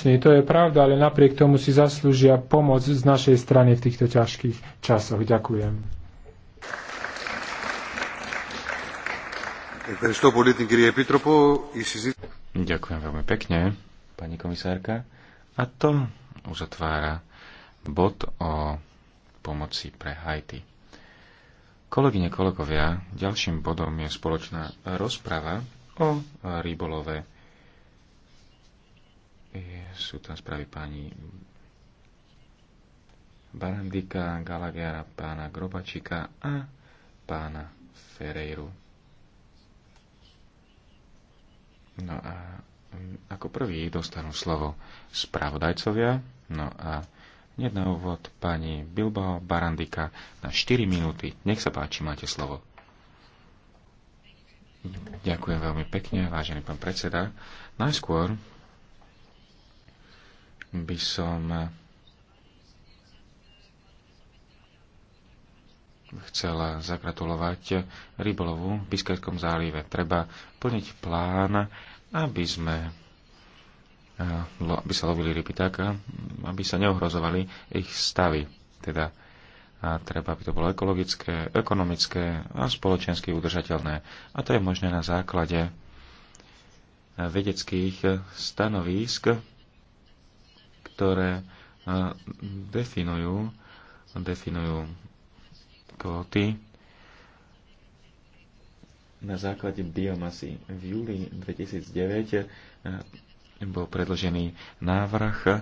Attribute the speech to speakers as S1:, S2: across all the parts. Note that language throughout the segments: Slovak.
S1: funkční, to je pravda, ale napriek tomu si zaslúžia pomoc z našej strany v týchto ťažkých časoch. Ďakujem.
S2: Ďakujem veľmi pekne, pani komisárka. A to uzatvára bod o pomoci pre Haiti. Kolegyne, kolegovia, ďalším bodom je spoločná rozprava o rybolove sú tam správy pani Barandika, Galagera, pána Grobačika a pána Ferreiru. No a mm, ako prvý dostanú slovo spravodajcovia. No a hneď na úvod pani Bilbao Barandika na 4 minúty. Nech sa páči, máte slovo. Ďakujem veľmi pekne, vážený pán predseda. Najskôr by som eh, chcela zagratulovať rybolovu v Biskajskom zálive. Treba plniť plán, aby sme eh, aby sa lovili ryby tak, eh, aby sa neohrozovali ich stavy. Teda a treba, aby to bolo ekologické, ekonomické a spoločensky udržateľné. A to je možné na základe vedeckých stanovísk ktoré e, definujú, definujú kvóty na základe biomasy. V júli 2009 e, bol predložený návrh e,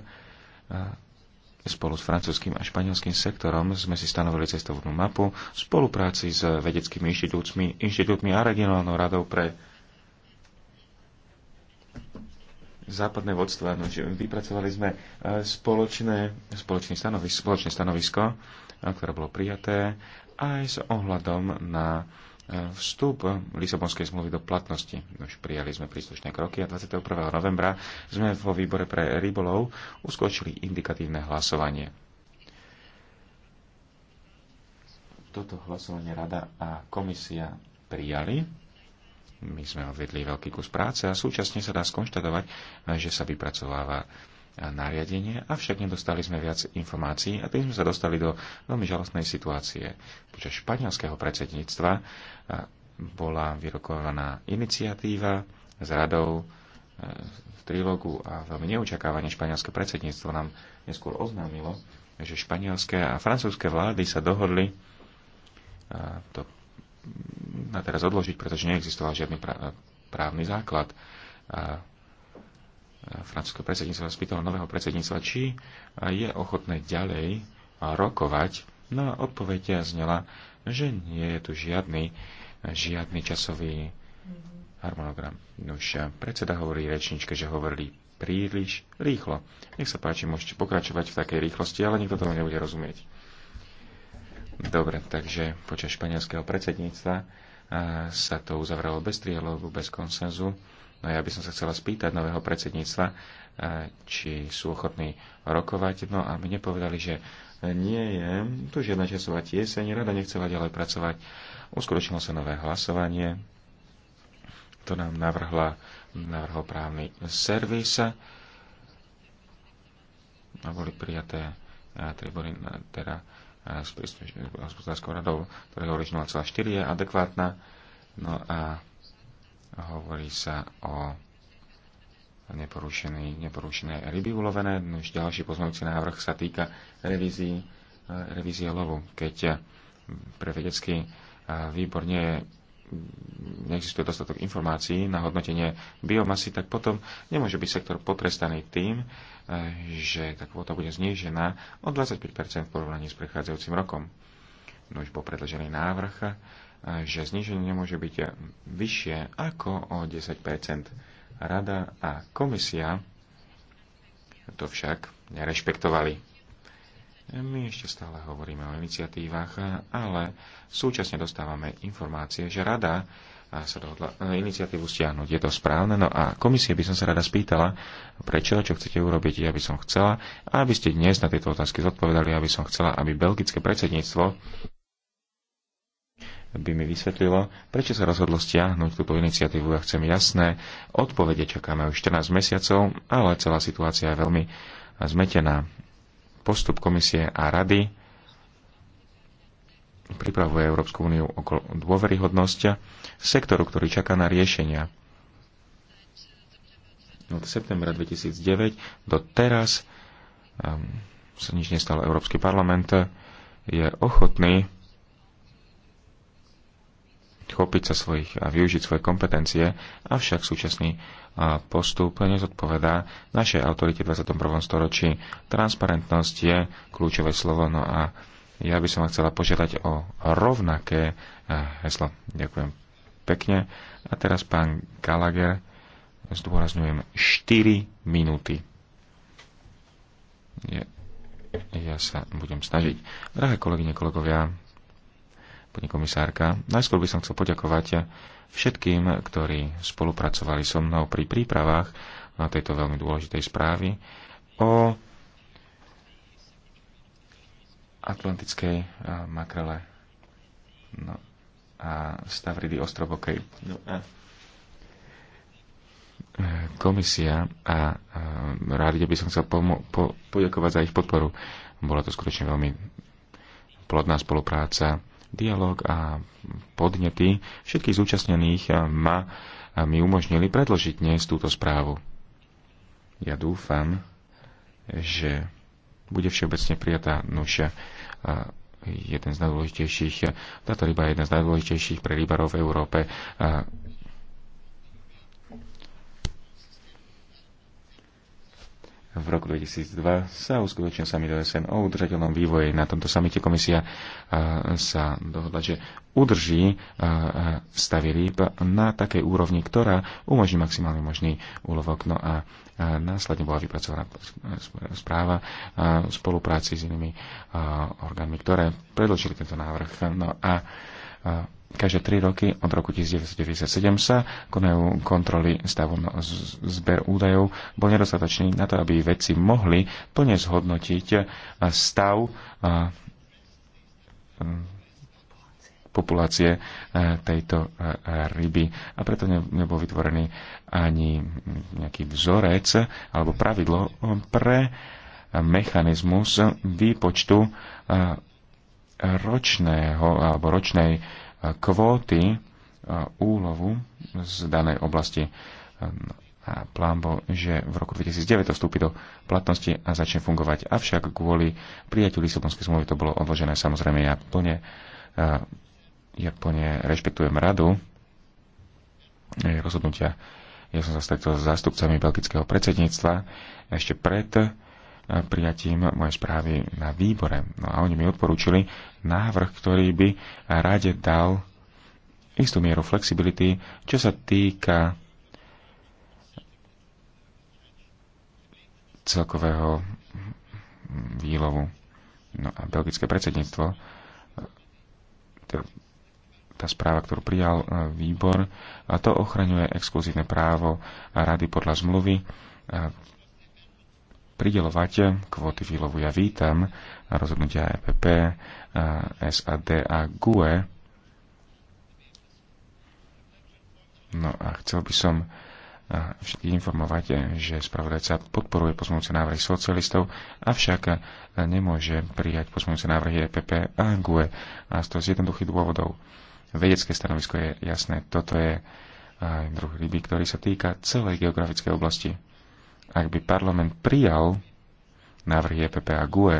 S2: spolu s francúzským a španielským sektorom sme si stanovili cestovnú mapu v spolupráci s vedeckými inštitútmi, inštitútmi a regionálnou radou pre západné vodstva. že vypracovali sme e, spoločné, spoločné, stanovisko, spoločné e, stanovisko, ktoré bolo prijaté aj s ohľadom na e, vstup Lisabonskej zmluvy do platnosti. Už prijali sme príslušné kroky a 21. novembra sme vo výbore pre rybolov uskočili indikatívne hlasovanie. Toto hlasovanie rada a komisia prijali my sme odvedli veľký kus práce a súčasne sa dá skonštatovať, že sa vypracováva nariadenie, avšak nedostali sme viac informácií a tým sme sa dostali do veľmi žalostnej situácie. Počas španielského predsedníctva bola vyrokovaná iniciatíva s radou v trilógu a veľmi neočakávanie španielské predsedníctvo nám neskôr oznámilo, že španielské a francúzske vlády sa dohodli to na teraz odložiť, pretože neexistoval žiadny eh, právny základ. A eh, francúzske predsedníctvo spýtalo nového predsedníctva, či eh, je ochotné ďalej rokovať. No a odpoveď znela, že nie je tu žiadny, žiadny časový mhm. harmonogram. Už predseda hovorí rečničke, že hovorili príliš rýchlo. Nech sa páči, môžete pokračovať v takej rýchlosti, ale nikto tomu nebude rozumieť. Dobre, takže počas španielského predsedníctva sa to uzavrelo bez trialógu, bez konsenzu. No ja by som sa chcela spýtať nového predsedníctva, či sú ochotní rokovať. No a my nepovedali, že nie je tu žiadna časová tieseň, rada nechcela ďalej pracovať. Uskutočnilo sa nové hlasovanie, to nám navrhla, navrhol právny servis a boli prijaté tri teda s hospodárskou radou, ktorá hovorí, že 0,4 je adekvátna. No a hovorí sa o neporušené, neporušené ryby ulovené. No už ďalší pozmeňujúci návrh sa týka revízie lovu. Keď pre vedecký výbor nie je neexistuje dostatok informácií na hodnotenie biomasy, tak potom nemôže byť sektor potrestaný tým, eh, že tá kvota bude znížená o 25 v porovnaní s prechádzajúcim rokom. No už bol predložený návrh, eh, že zníženie nemôže byť vyššie ako o 10 Rada a komisia to však nerešpektovali. My ešte stále hovoríme o iniciatívach, ale súčasne dostávame informácie, že rada sa dohodla e, iniciatívu stiahnuť. Je to správne? No a komisie by som sa rada spýtala, prečo, čo chcete urobiť, ja by som chcela, aby ste dnes na tieto otázky zodpovedali, aby som chcela, aby belgické predsedníctvo by mi vysvetlilo, prečo sa rozhodlo stiahnuť túto iniciatívu. Ja chcem jasné odpovede, čakáme už 14 mesiacov, ale celá situácia je veľmi zmetená postup komisie a rady pripravuje Európsku úniu okolo dôveryhodnosť sektoru, ktorý čaká na riešenia. Od septembra 2009 do teraz um, sa nič nestalo. Európsky parlament je ochotný chopiť sa svojich a využiť svoje kompetencie, avšak súčasný postup nezodpovedá našej autorite v 21. storočí. Transparentnosť je kľúčové slovo, no a ja by som chcela požiadať o rovnaké heslo. Ďakujem pekne. A teraz pán Gallagher, zdôrazňujem 4 minúty. Je, ja sa budem snažiť. Drahé kolegyne, kolegovia, pani komisárka. Najskôr by som chcel poďakovať všetkým, ktorí spolupracovali so mnou pri prípravách na tejto veľmi dôležitej správy o atlantickej makrele no, a Stavridy ostrovokej. No, a e, komisia a rád by som chcel po- poďakovať za ich podporu. Bola to skutočne veľmi plodná spolupráca dialog a podnety všetkých zúčastnených eh, ma a mi umožnili predložiť dnes túto správu. Ja dúfam, že bude všeobecne prijatá nuša jeden z najdôležitejších, eh, táto ryba je jedna z najdôležitejších pre rybarov v Európe. v roku 2002 sa uskutočnil summit OSN o udržateľnom vývoji. Na tomto samite komisia e, sa dohodla, že udrží e, e, stavy rýb na takej úrovni, ktorá umožní maximálne možný úlovok. No a následne bola vypracovaná správa v spolupráci s inými orgánmi, ktoré predložili tento návrh. No a každé tri roky od roku 1997 sa konajú kontroly stavu no- zber údajov, bol nedostatočný na to, aby vedci mohli plne zhodnotiť eh, stav eh, mm, populácie eh, tejto ryby. A preto nebol vytvorený ani nejaký vzorec alebo pravidlo pre mechanizmus výpočtu ročného alebo ročnej kvóty úlovu z danej oblasti. A plán bol, že v roku 2009 to vstúpi do platnosti a začne fungovať. Avšak kvôli prijatiu Lisabonskej zmluvy to bolo odložené. Samozrejme, ja plne, ja plne rešpektujem radu rozhodnutia. Ja som sa stretol s zástupcami belgického predsedníctva ešte pred prijatím mojej správy na výbore. No a oni mi odporúčili návrh, ktorý by rade dal istú mieru flexibility, čo sa týka celkového výlovu. No a belgické predsedníctvo, teda tá správa, ktorú prijal e, výbor, a to ochraňuje exkluzívne právo rady podľa zmluvy pridelovať kvóty výlovu. Ja vítam rozhodnutia EPP, eh, SAD a GUE. No a chcel by som všetkých informovať, eh, že spravodajca podporuje pozmúce návrhy socialistov, avšak eh, nemôže prijať pozmúce návrhy EPP a GUE. A z to z jednoduchých dôvodov. Vedecké stanovisko je jasné. Toto je druh ryby, ktorý sa týka celej geografickej oblasti ak by parlament prijal návrhy EPP a GUE,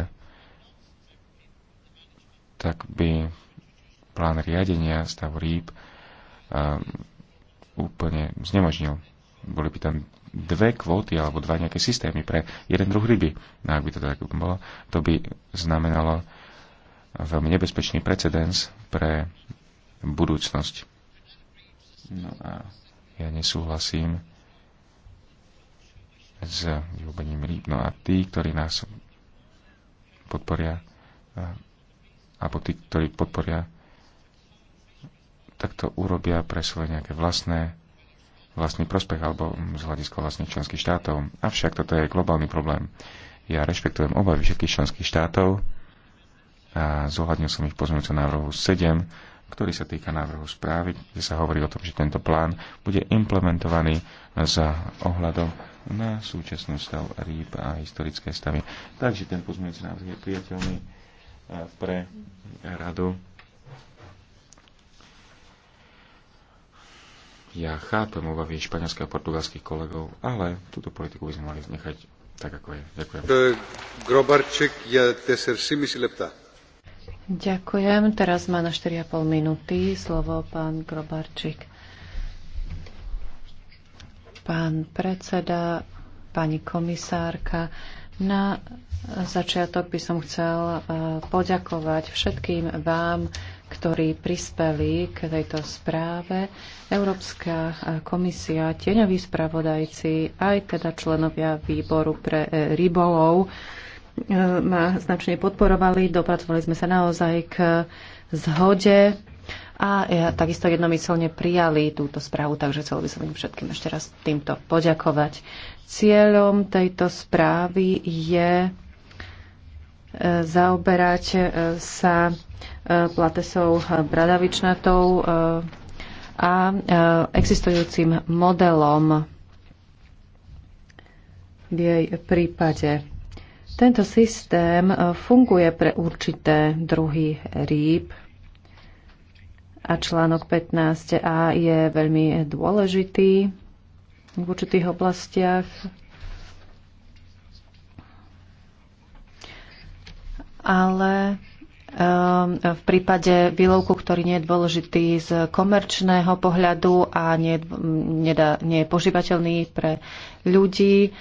S2: tak by plán riadenia stavu rýb um, úplne znemožnil. Boli by tam dve kvóty alebo dva nejaké systémy pre jeden druh ryby. No ak by to tak bolo, to by znamenalo veľmi nebezpečný precedens pre budúcnosť. No a ja nesúhlasím s vyhubením rýb. No a tí, ktorí nás podporia, alebo tí, ktorí podporia, tak to urobia pre svoje nejaké vlastné, vlastný prospech alebo z hľadiska vlastných členských štátov. Avšak toto je globálny problém. Ja rešpektujem obavy všetkých členských štátov a zohľadnil som ich pozmeňujúce návrhu 7, ktorý sa týka návrhu správy, kde sa hovorí o tom, že tento plán bude implementovaný za ohľadom na súčasnú stav rýb a historické stavy. Takže ten pozmeňujúci návrh je priateľný e, pre radu. Ja chápem obavy španielských a portugalských kolegov, ale túto politiku by sme mali nechať tak, ako je. Ďakujem.
S1: E, Grobarček je 4,5 lepta.
S3: Ďakujem. Teraz má na 4,5 minúty slovo pán Grobarček pán predseda, pani komisárka. Na začiatok by som chcel eh, poďakovať všetkým vám, ktorí prispeli k tejto správe. Európska eh, komisia, tieňoví spravodajci, aj teda členovia výboru pre eh, rybolov ma značne podporovali. Dopracovali sme sa naozaj k zhode a takisto jednomyselne prijali túto správu, takže chcel by som im všetkým ešte raz týmto poďakovať. Cieľom tejto správy je e, zaoberať e, sa e, platesou bradavičnatou a existujúcim modelom v jej prípade. Tento systém funguje pre určité druhy rýb, a článok 15a je veľmi dôležitý v určitých oblastiach. Ale ehm, v prípade výlovku, ktorý nie je dôležitý z komerčného pohľadu a nie, nedá, nie je požívateľný pre ľudí,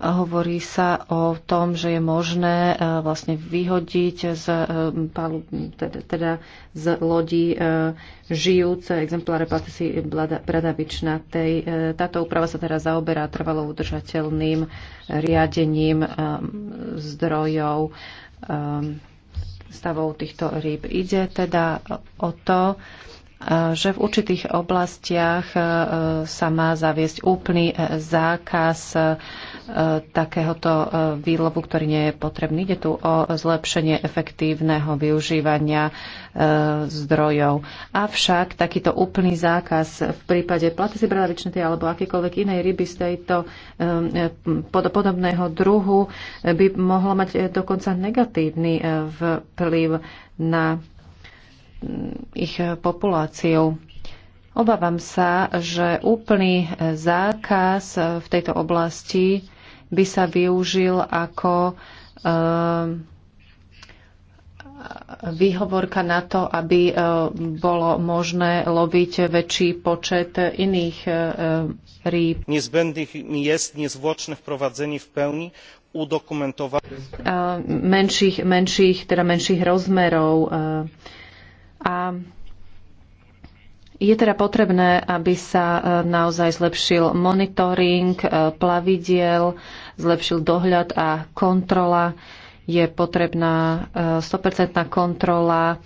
S3: Hovorí sa o tom, že je možné e, vlastne vyhodiť z, e, teda, teda z lodí e, žijúce exempláre pasy bradavičnatej. Táto úprava sa teraz zaoberá trvalo udržateľným riadením zdrojov stavov týchto rýb. Ide teda o to, že v určitých oblastiach e, sa má zaviesť úplný e, zákaz e, takéhoto výlovu, ktorý nie je potrebný. Ide tu o zlepšenie efektívneho využívania zdrojov. Avšak takýto úplný zákaz v prípade platy bradavičnej alebo akýkoľvek inej ryby z tejto podobného druhu by mohlo mať dokonca negatívny vplyv na ich populáciou. Obávam sa, že úplný zákaz v tejto oblasti by sa využil ako eh, výhovorka na to, aby eh, bolo možné loviť väčší počet iných eh,
S4: rýb. Niezbędnych jest niezwłoczne wprowadzenie v pełni udokumentowanych
S3: menších, menších, teda menších rozmerov a je teda potrebné, aby sa e, naozaj zlepšil monitoring e, plavidiel, zlepšil dohľad a kontrola. Je potrebná 100% e, kontrola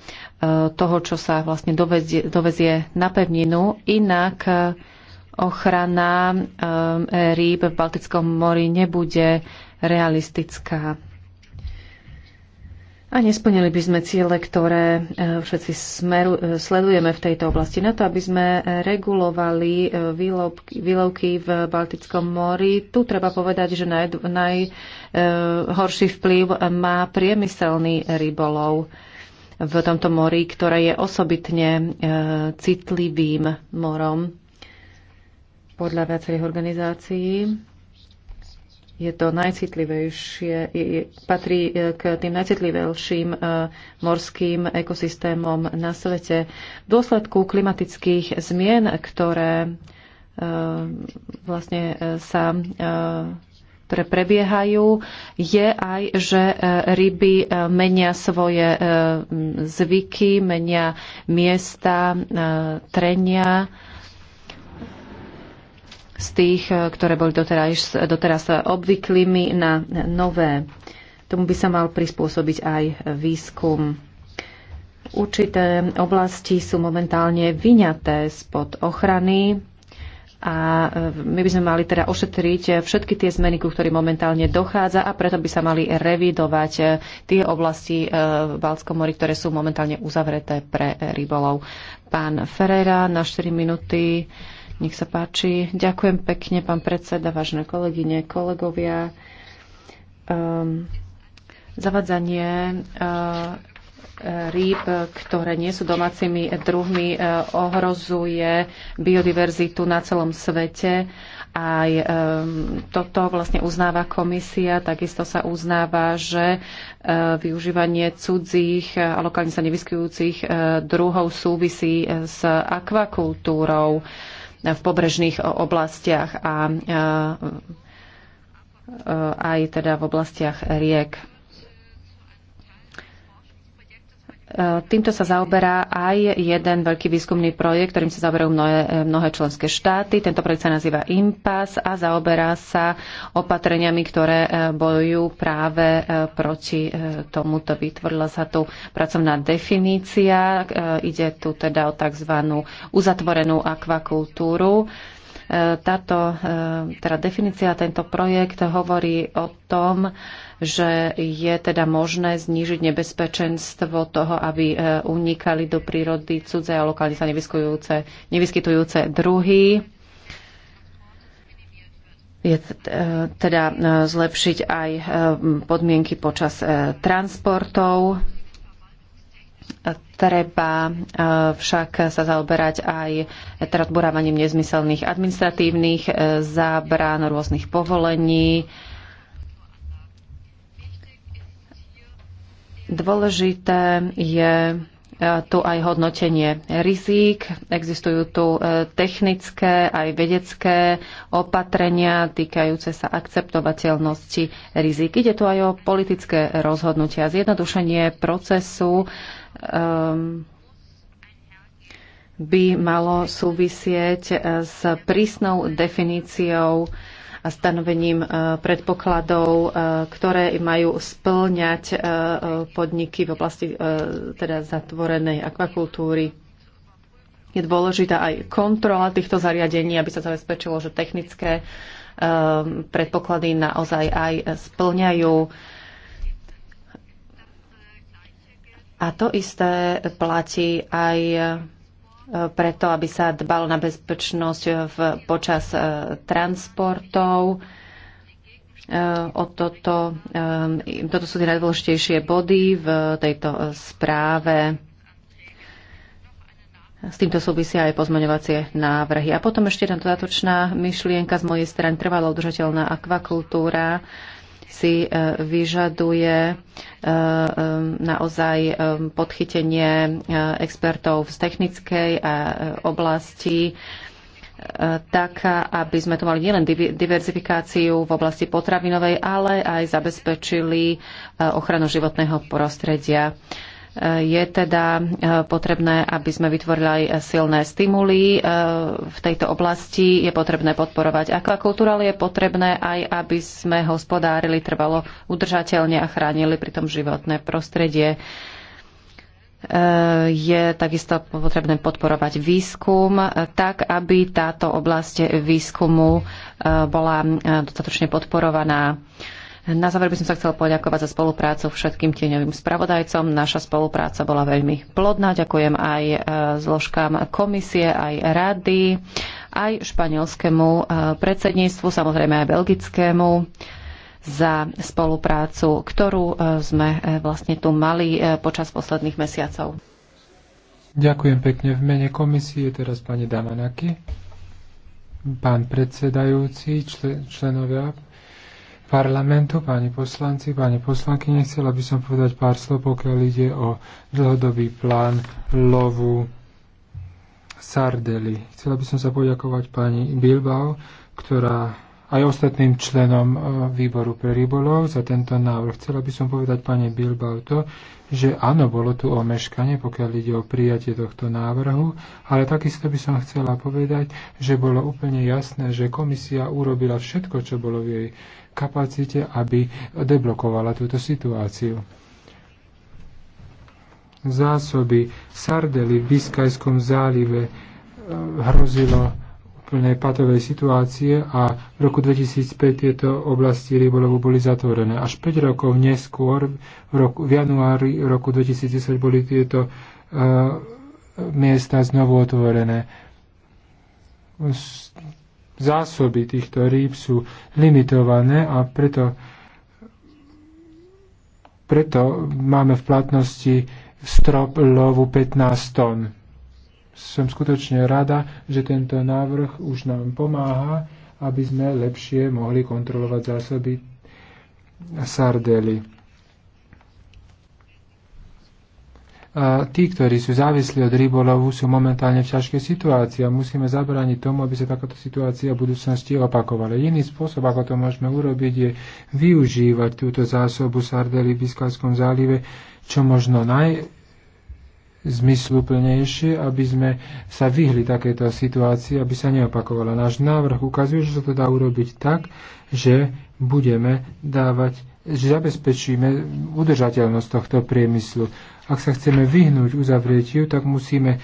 S3: toho, čo sa vlastne dovezie, dovezie na pevninu. Inak ochrana rýb v Baltickom mori nebude realistická a nesplnili by sme ciele, ktoré e, všetci smeru, e, sledujeme v tejto oblasti. Na to, aby sme regulovali e, výlovky, výlovky v Baltickom mori, tu treba povedať, že naj, najhorší vplyv má priemyselný rybolov v tomto mori, ktoré je osobitne citlivým morom podľa viacerých organizácií je to najcitlivejšie, je, je, patrí e, k tým najcitlivejším e, morským ekosystémom na svete. V dôsledku klimatických zmien, ktoré e, vlastne sa ktoré prebiehajú, je aj, že ryby menia svoje zvyky, menia miesta, trenia z tých, e, ktoré boli doteraz, doteraz obvyklými na nové. Tomu by sa mal prispôsobiť aj výskum. Určité oblasti sú momentálne vyňaté spod ochrany a e, my by sme mali teda ošetriť všetky tie zmeny, ku ktorým momentálne dochádza a preto by sa mali revidovať e, tie oblasti v Balskom mori, ktoré sú momentálne uzavreté pre rybolov. Pán Ferreira na 4 minúty. Nech sa páči. Ďakujem pekne, pán predseda, vážne kolegyne, kolegovia. Um, zavadzanie uh, rýb, ktoré nie sú domácimi druhmi, uh, ohrozuje biodiverzitu na celom svete. Aj um, toto vlastne uznáva komisia, takisto sa uznáva, že uh, využívanie cudzích a lokálne sa nevyskytujúcich uh, druhov súvisí s akvakultúrou. Uh, v pobrežných oblastiach a aj teda v oblastiach riek. E, týmto sa zaoberá aj jeden veľký výskumný projekt, ktorým sa zaoberajú mnohé, e, mnohé členské štáty. Tento projekt sa nazýva IMPAS a zaoberá sa opatreniami, ktoré e, bojujú práve proti tomuto. Vytvorila sa tu pracovná definícia. Ide tu teda o tzv. uzatvorenú akvakultúru táto teda definícia, tento projekt hovorí o tom, že je teda možné znížiť nebezpečenstvo toho, aby e, unikali do prírody cudze a lokálne sa nevyskytujúce, nevyskytujúce druhy je e, teda e, zlepšiť aj podmienky počas transportov. Treba však sa zaoberať aj teda nezmyselných administratívnych zábran, rôznych povolení, Dôležité je e, tu aj hodnotenie rizík. Existujú tu e, technické aj vedecké opatrenia týkajúce sa akceptovateľnosti rizík. Ide tu aj o politické rozhodnutia, zjednodušenie procesu um, by malo súvisieť e, s prísnou definíciou a stanovením e, predpokladov, e, ktoré majú splňať e, podniky v oblasti teda zatvorenej akvakultúry. Je dôležitá aj kontrola týchto zariadení, aby sa zabezpečilo, že technické predpoklady naozaj aj splňajú. A to isté platí aj preto, aby sa dbalo na bezpečnosť v, počas e, transportov. E, o toto, e, toto sú tie najdôležitejšie body v tejto správe. S týmto súvisia aj pozmeňovacie návrhy. A potom ešte jedna dodatočná myšlienka z mojej strany trvalo udržateľná akvakultúra si e, vyžaduje e, e, naozaj podchytenie expertov z technickej oblasti tak, aby sme tu mali nielen diverzifikáciu v oblasti potravinovej, ale aj zabezpečili ochranu životného prostredia. Je teda e, potrebné, aby sme vytvorili aj silné stimuly e, v tejto oblasti. Je potrebné podporovať akvakultúru, ale je potrebné aj, aby sme hospodárili trvalo udržateľne a chránili pritom životné prostredie. E, je takisto potrebné podporovať výskum tak, aby táto oblasť výskumu bola dostatočne podporovaná. Na záver by som sa chcel poďakovať za spoluprácu všetkým tieňovým spravodajcom. Naša spolupráca bola veľmi plodná. Ďakujem aj e, zložkám komisie, aj rady, aj španielskému e, predsedníctvu, samozrejme aj belgickému za spoluprácu, ktorú e, sme vlastne tu mali počas posledných mesiacov.
S1: Ďakujem pekne. V mene komisie teraz pani Damanaki, pán predsedajúci, člen, členovia parlamentu, páni poslanci, páni poslanky, nechcela by som povedať pár slov, pokiaľ ide o dlhodobý plán lovu sardely. Chcela by som sa poďakovať pani Bilbao, ktorá aj ostatným členom e, výboru pre rybolov za tento návrh. Chcela by som povedať pani Bilbauto, že áno, bolo tu omeškanie, pokiaľ ide o prijatie tohto návrhu, ale takisto by som chcela povedať, že bolo úplne jasné, že komisia urobila všetko, čo bolo v jej kapacite, aby deblokovala túto situáciu zásoby sardely v Biskajskom zálive e, hrozilo úplnej patovej situácie a v roku 2005 tieto oblasti rybolovu boli zatvorené. Až 5 rokov neskôr, v, roku, v januári roku 2010 boli tieto uh, miesta znovu otvorené. Zásoby týchto rýb sú limitované a preto, preto máme v platnosti strop lovu 15 tón som skutočne rada, že tento návrh už nám pomáha, aby sme lepšie mohli kontrolovať zásoby sardely. A tí, ktorí sú závislí od rybolovu, sú momentálne v ťažkej situácii a musíme zabrániť tomu, aby sa takáto situácia v budúcnosti opakovala. Iný spôsob, ako to môžeme urobiť, je využívať túto zásobu sardely v Biskalskom zálive čo možno naj zmysluplnejšie, aby sme sa vyhli takéto situácii, aby sa neopakovala. Náš návrh ukazuje, že sa to dá urobiť tak, že budeme dávať že zabezpečíme udržateľnosť tohto priemyslu. Ak sa chceme vyhnúť uzavretiu, tak musíme,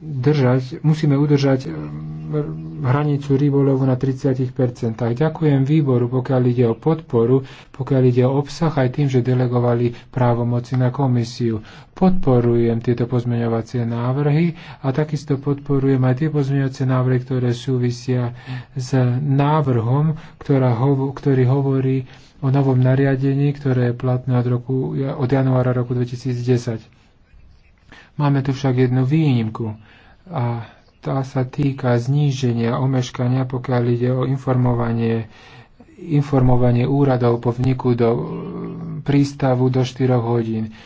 S1: držať, musíme udržať ehm, hranicu rybolovu na 30%. Ďakujem výboru, pokiaľ ide o podporu, pokiaľ ide o obsah, aj tým, že delegovali právomoci na komisiu. Podporujem tieto pozmeňovacie návrhy a takisto podporujem aj tie pozmeňovacie návrhy, ktoré súvisia s návrhom, ktorá hovo, ktorý hovorí o novom nariadení, ktoré je platné od, roku, od januára roku 2010. Máme tu však jednu výnimku a tá sa týka zníženia omeškania, pokiaľ ide o informovanie, informovanie úradov po vniku do prístavu do 4 hodín.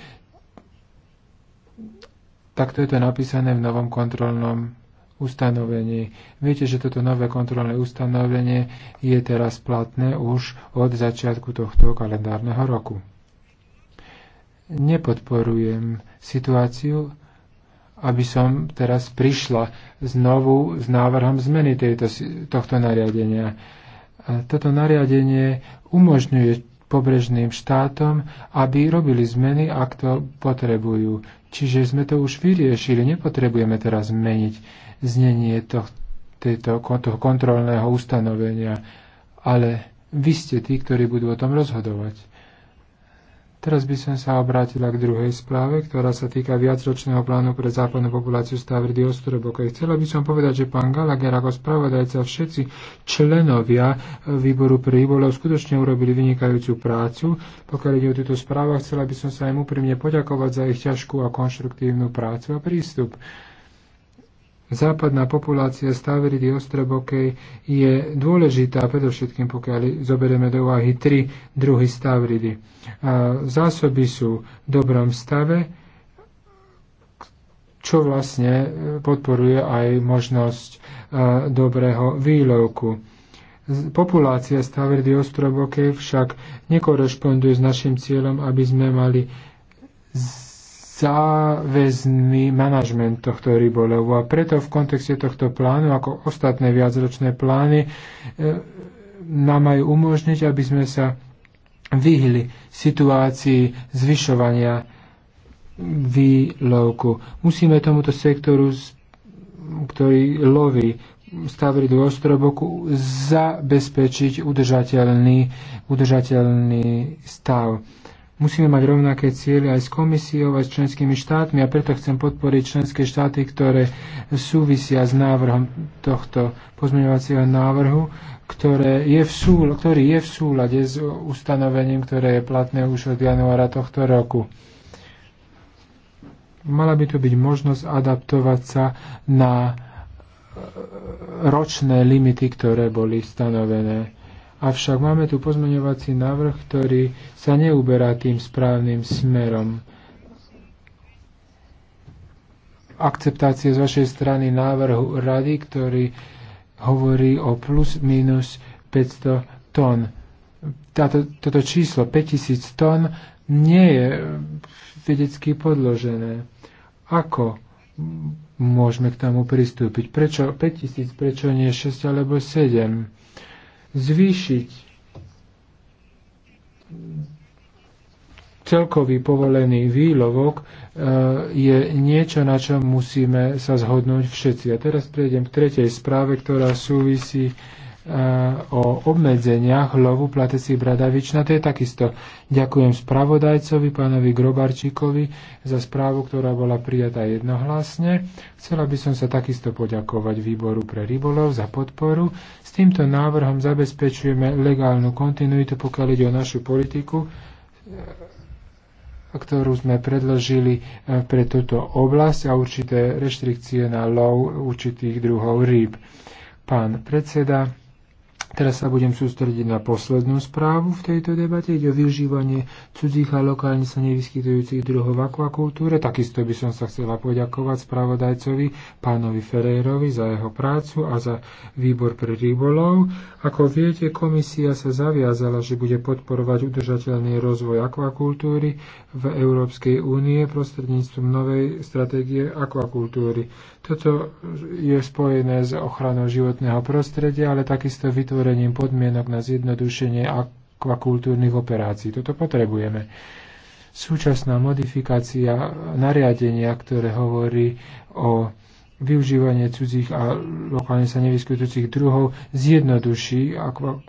S1: Takto je to napísané v novom kontrolnom ustanovení. Viete, že toto nové kontrolné ustanovenie je teraz platné už od začiatku tohto kalendárneho roku. Nepodporujem situáciu, aby som teraz prišla znovu s návrhom zmeny tejto, tohto nariadenia. Toto nariadenie umožňuje pobrežným štátom, aby robili zmeny, ak to potrebujú. Čiže sme to už vyriešili, nepotrebujeme teraz meniť znenie to, tejto, toho kontrolného ustanovenia, ale vy ste tí, ktorí budú o tom rozhodovať. Teraz by som sa obrátila k druhej správe, ktorá sa týka viacročného plánu pre západnú populáciu Stavrdy Ostrobok. Chcela by som povedať, že pán Galager ako spravodajca všetci členovia výboru pre rybolov skutočne urobili vynikajúcu prácu. Pokiaľ ide o túto správu, chcela by som sa im úprimne poďakovať za ich ťažkú a konštruktívnu prácu a prístup západná populácia Stavridy Ostrobokej je dôležitá, predovšetkým pokiaľ zoberieme do úvahy tri druhy Stavridy. Zásoby sú v dobrom stave, čo vlastne podporuje aj možnosť dobrého výlovku. Populácia Stavridy Ostrobokej však nekorešponduje s našim cieľom, aby sme mali záväzný manažment tohto rybolovu. A preto v kontexte tohto plánu, ako ostatné viacročné plány, e, nám majú umožniť, aby sme sa vyhli situácii zvyšovania výlovku. Musíme tomuto sektoru, ktorý loví stavri do ostroboku, zabezpečiť udržateľný, udržateľný stav Musíme mať rovnaké cieľe aj s komisiou, aj s členskými štátmi a preto chcem podporiť členské štáty, ktoré súvisia s návrhom tohto pozmeňovacieho návrhu, ktoré je v súl- ktorý je v súlade s ustanovením, ktoré je platné už od januára tohto roku. Mala by tu byť možnosť adaptovať sa na e, ročné limity, ktoré boli stanovené Avšak máme tu pozmeňovací návrh, ktorý sa neuberá tým správnym smerom. Akceptácie z vašej strany návrhu rady, ktorý hovorí o plus minus 500 tón. Táto, toto číslo 5000 tón nie je vedecky podložené. Ako môžeme k tomu pristúpiť? Prečo 5000, prečo nie 6 alebo 7? zvýšiť celkový povolený výlovok e, je niečo, na čom musíme sa zhodnúť všetci. A teraz prejdem k tretej správe, ktorá súvisí o obmedzeniach lovu bradavič. Na To je takisto. Ďakujem spravodajcovi, pánovi Grobarčíkovi, za správu, ktorá bola prijatá jednohlasne. Chcela by som sa takisto poďakovať výboru pre rybolov za podporu. S týmto návrhom zabezpečujeme legálnu kontinuitu, pokiaľ ide o našu politiku eh, ktorú sme predložili eh, pre túto oblasť a určité reštrikcie na lov určitých druhov rýb. Pán predseda, Teraz sa budem sústrediť na poslednú správu v tejto debate, ide o využívanie cudzích a lokálne sa nevyskytujúcich druhov akvakultúre. Takisto by som sa chcela poďakovať spravodajcovi pánovi Ferrerovi za jeho prácu a za výbor pre rybolov. Ako viete, komisia sa zaviazala, že bude podporovať udržateľný rozvoj akvakultúry v Európskej únie prostredníctvom novej stratégie akvakultúry. Toto je spojené s ochranou životného prostredia, ale takisto vytvorením podmienok na zjednodušenie akvakultúrnych operácií. Toto potrebujeme. Súčasná modifikácia nariadenia, ktoré hovorí o využívanie cudzích a lokálne sa nevyskytujúcich druhov zjednoduší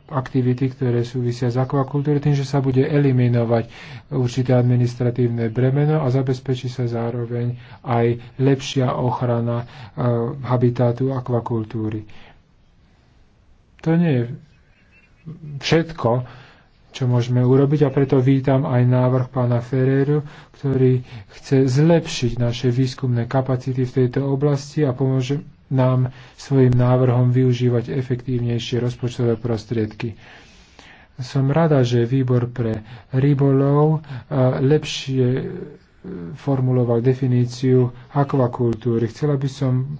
S1: aktivity, ktoré súvisia s akvakultúrou, tým, že sa bude eliminovať určité administratívne bremeno a zabezpečí sa zároveň aj lepšia ochrana e, habitátu akvakultúry. To nie je všetko, čo môžeme urobiť a preto vítam aj návrh pána Ferreru, ktorý chce zlepšiť naše výskumné kapacity v tejto oblasti a pomôže nám svojim návrhom využívať efektívnejšie rozpočtové prostriedky som rada, že výbor pre rybolov e, lepšie e, formuloval definíciu akvakultúry. Chcela by som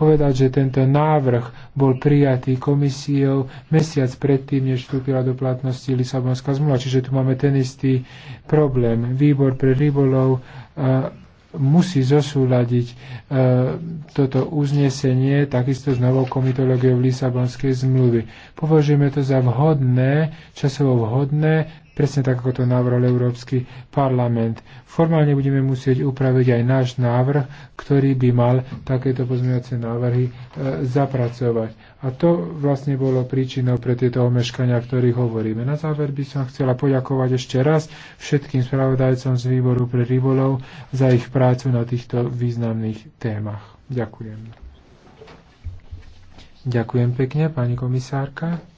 S1: povedať, že tento návrh bol prijatý komisiou mesiac predtým, než vstúpila do platnosti Lisabonská zmluva. Čiže tu máme ten istý problém. Výbor pre rybolov uh, musí zosúľadiť e, toto uznesenie takisto s novou komitológiou v Lisabonskej zmluvy. Považujeme to za vhodné, časovo vhodné presne tak, ako to navrhol Európsky parlament. Formálne budeme musieť upraviť aj náš návrh, ktorý by mal takéto pozmeňovacie návrhy e, zapracovať. A to vlastne bolo príčinou pre tieto omeškania, o ktorých hovoríme. Na záver by som chcela poďakovať ešte raz všetkým spravodajcom z výboru pre rybolov za ich prácu na týchto významných témach. Ďakujem. Ďakujem pekne, pani komisárka.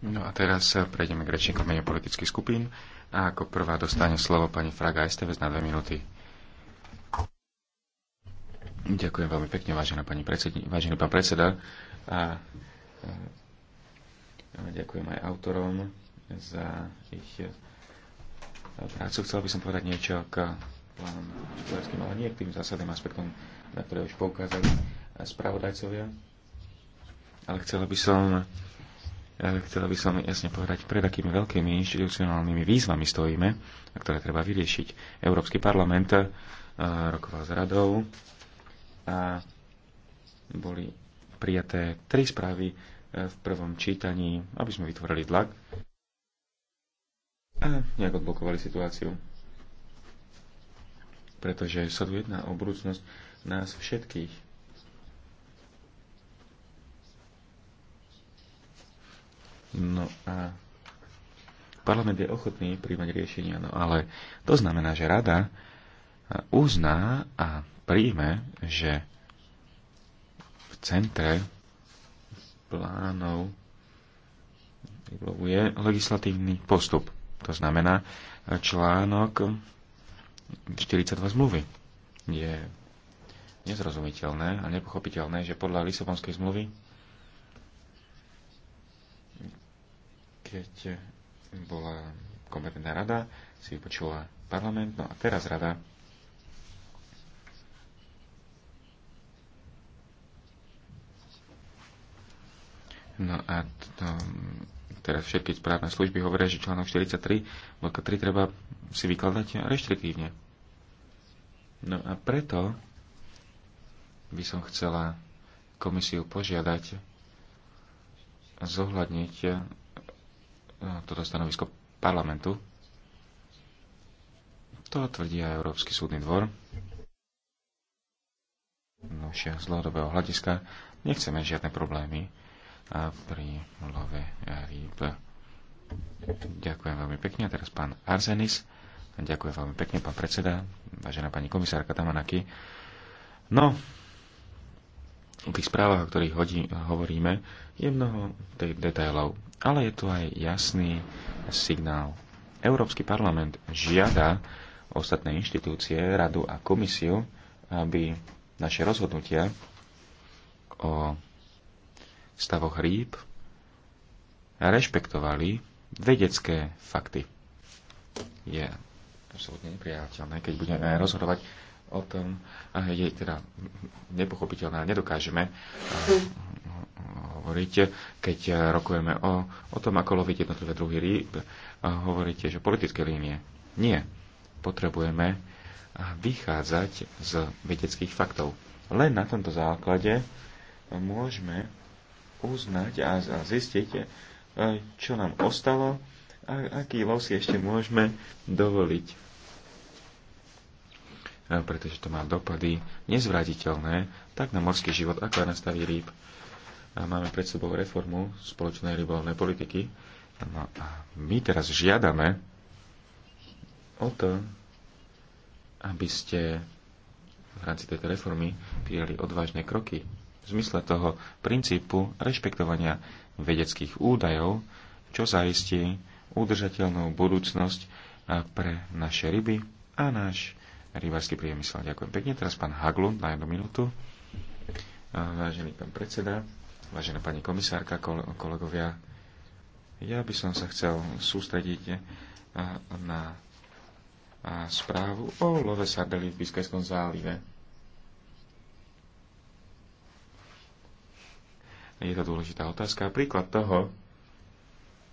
S2: No a teraz prejdeme k rečníkom mene politických skupín a ako prvá dostane slovo pani Fraga STV na dve minúty. Ďakujem veľmi pekne, vážená pani predsedni, vážený pán predseda. A, e, a ďakujem aj autorom za ich e, prácu. Chcel by som povedať niečo k plánom hospodárskym, ale nie k tým zásadným aspektom, na ktoré už poukázali spravodajcovia. Ale chcela by som E, chcela by som jasne povedať, pred akými veľkými inštitucionálnymi výzvami stojíme, a ktoré treba vyriešiť. Európsky parlament e, rokoval s radou a boli prijaté tri správy e, v prvom čítaní, aby sme vytvorili tlak a nejak odblokovali situáciu. Pretože sa tu jedná o budúcnosť nás všetkých No a parlament je ochotný príjmať riešenia, no ale to znamená, že rada uzná a príjme, že v centre plánov je legislatívny postup. To znamená článok 42 zmluvy. Je nezrozumiteľné a nepochopiteľné, že podľa Lisabonskej zmluvy keď bola kompetentná rada, si vypočula parlament, no a teraz rada No a to, teraz všetky správne služby hovoria, že článok 43, bodka 3 treba si vykladať reštriktívne. No a preto by som chcela komisiu požiadať zohľadniť toto stanovisko parlamentu. To tvrdí aj Európsky súdny dvor. No z dlhodobého hľadiska nechceme žiadne problémy a pri love rýb. Ďakujem veľmi pekne. A teraz pán Arzenis. Ďakujem veľmi pekne, pán predseda, vážená pani komisárka Tamanaki. No, v tých správach, o ktorých hodí, hovoríme, je mnoho de- detailov ale je tu aj jasný signál. Európsky parlament žiada ostatné inštitúcie, radu a komisiu, aby naše rozhodnutia o stavoch rýb rešpektovali vedecké fakty. Je absolútne nepriateľné, keď budeme rozhodovať o tom, a je teda nepochopiteľné a nedokážeme eh, hovoriť, keď rokujeme o, o tom, ako loviť jednotlivé druhy rýb, hovoríte, že politické línie. Nie. Potrebujeme vychádzať z vedeckých faktov. Len na tomto základe môžeme uznať a, a zistiť, eh, čo nám ostalo a aký los ešte môžeme dovoliť pretože to má dopady nezvraditeľné tak na morský život, ako aj na stavy rýb. A máme pred sebou reformu spoločnej rybolovnej politiky. No a my teraz žiadame o to, aby ste v rámci tejto reformy prijali odvážne kroky v zmysle toho princípu rešpektovania vedeckých údajov, čo zaistí udržateľnú budúcnosť pre naše ryby a náš rybársky priemysel. Ďakujem pekne. Teraz pán Haglund na jednu minútu. Vážený pán predseda, vážená pani komisárka, kolegovia, ja by som sa chcel sústrediť eh, na správu o love sardely v Biskajskom zálive. Je to dôležitá otázka. Príklad toho,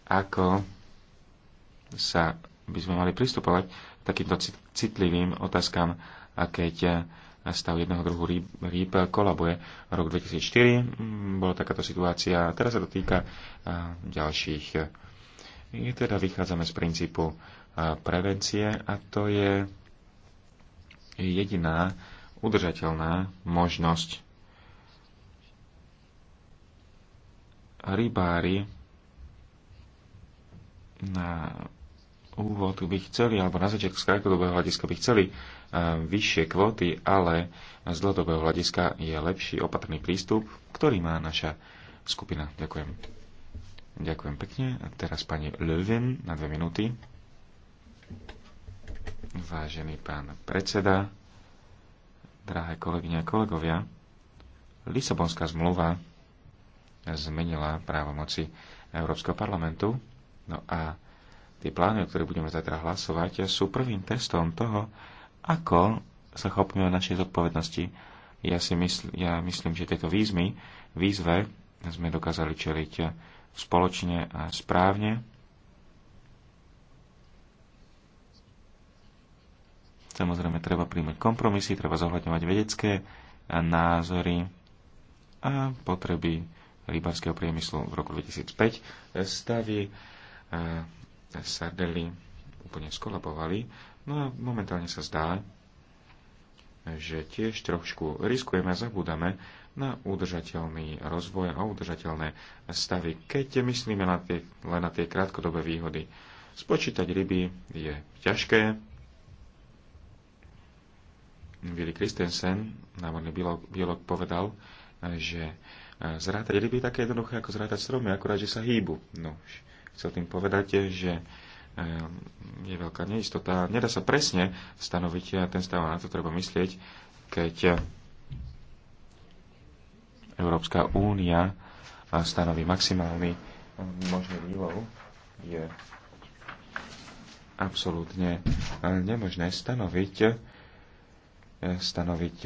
S2: ako sa by sme mali pristupovať takýmto citlivým otázkam, a keď e, stav jedného druhu rýb, kolabuje. kolabuje. roku 2004 bola takáto situácia a teraz sa to týka e, ďalších. I teda vychádzame z princípu e, prevencie a to je jediná udržateľná možnosť. Rybári na úvod by chceli, alebo na začiatku z krátkodobého hľadiska by chceli eh, vyššie kvóty, ale z dlhodobého hľadiska je lepší opatrný prístup, ktorý má naša skupina. Ďakujem. Ďakujem pekne. A teraz pani Löwen na dve minúty. Vážený pán predseda, drahé kolegyne a kolegovia, Lisabonská zmluva zmenila právomoci Európskeho parlamentu, no a Tie plány, o ktoré budeme zajtra hlasovať, sú prvým testom toho, ako sa chopíme o našej zodpovednosti. Ja, si mysl, ja myslím, že tieto výzmy, výzve sme dokázali čeliť spoločne a správne. Samozrejme, treba príjmať kompromisy, treba zohľadňovať vedecké názory a potreby rybárskeho priemyslu v roku 2005 staví Sardely úplne skolabovali. No a momentálne sa zdá, že tiež trošku riskujeme a zabúdame na udržateľný rozvoj a udržateľné stavy, keď myslíme na tie, len na tie krátkodobé výhody. Spočítať ryby je ťažké. Willy Christensen, námorný biolog, biolog povedal, že eh, zrátať ryby je také jednoduché ako zrátať stromy, akurát, že sa hýbu. No, Chcel tým povedať, že eh, je veľká neistota. Nedá sa presne stanoviť eh, ten stav na to treba myslieť, keď Európska únia eh, stanoví maximálny možný výlov, je absolútne nemožné stanoviť, stanoviť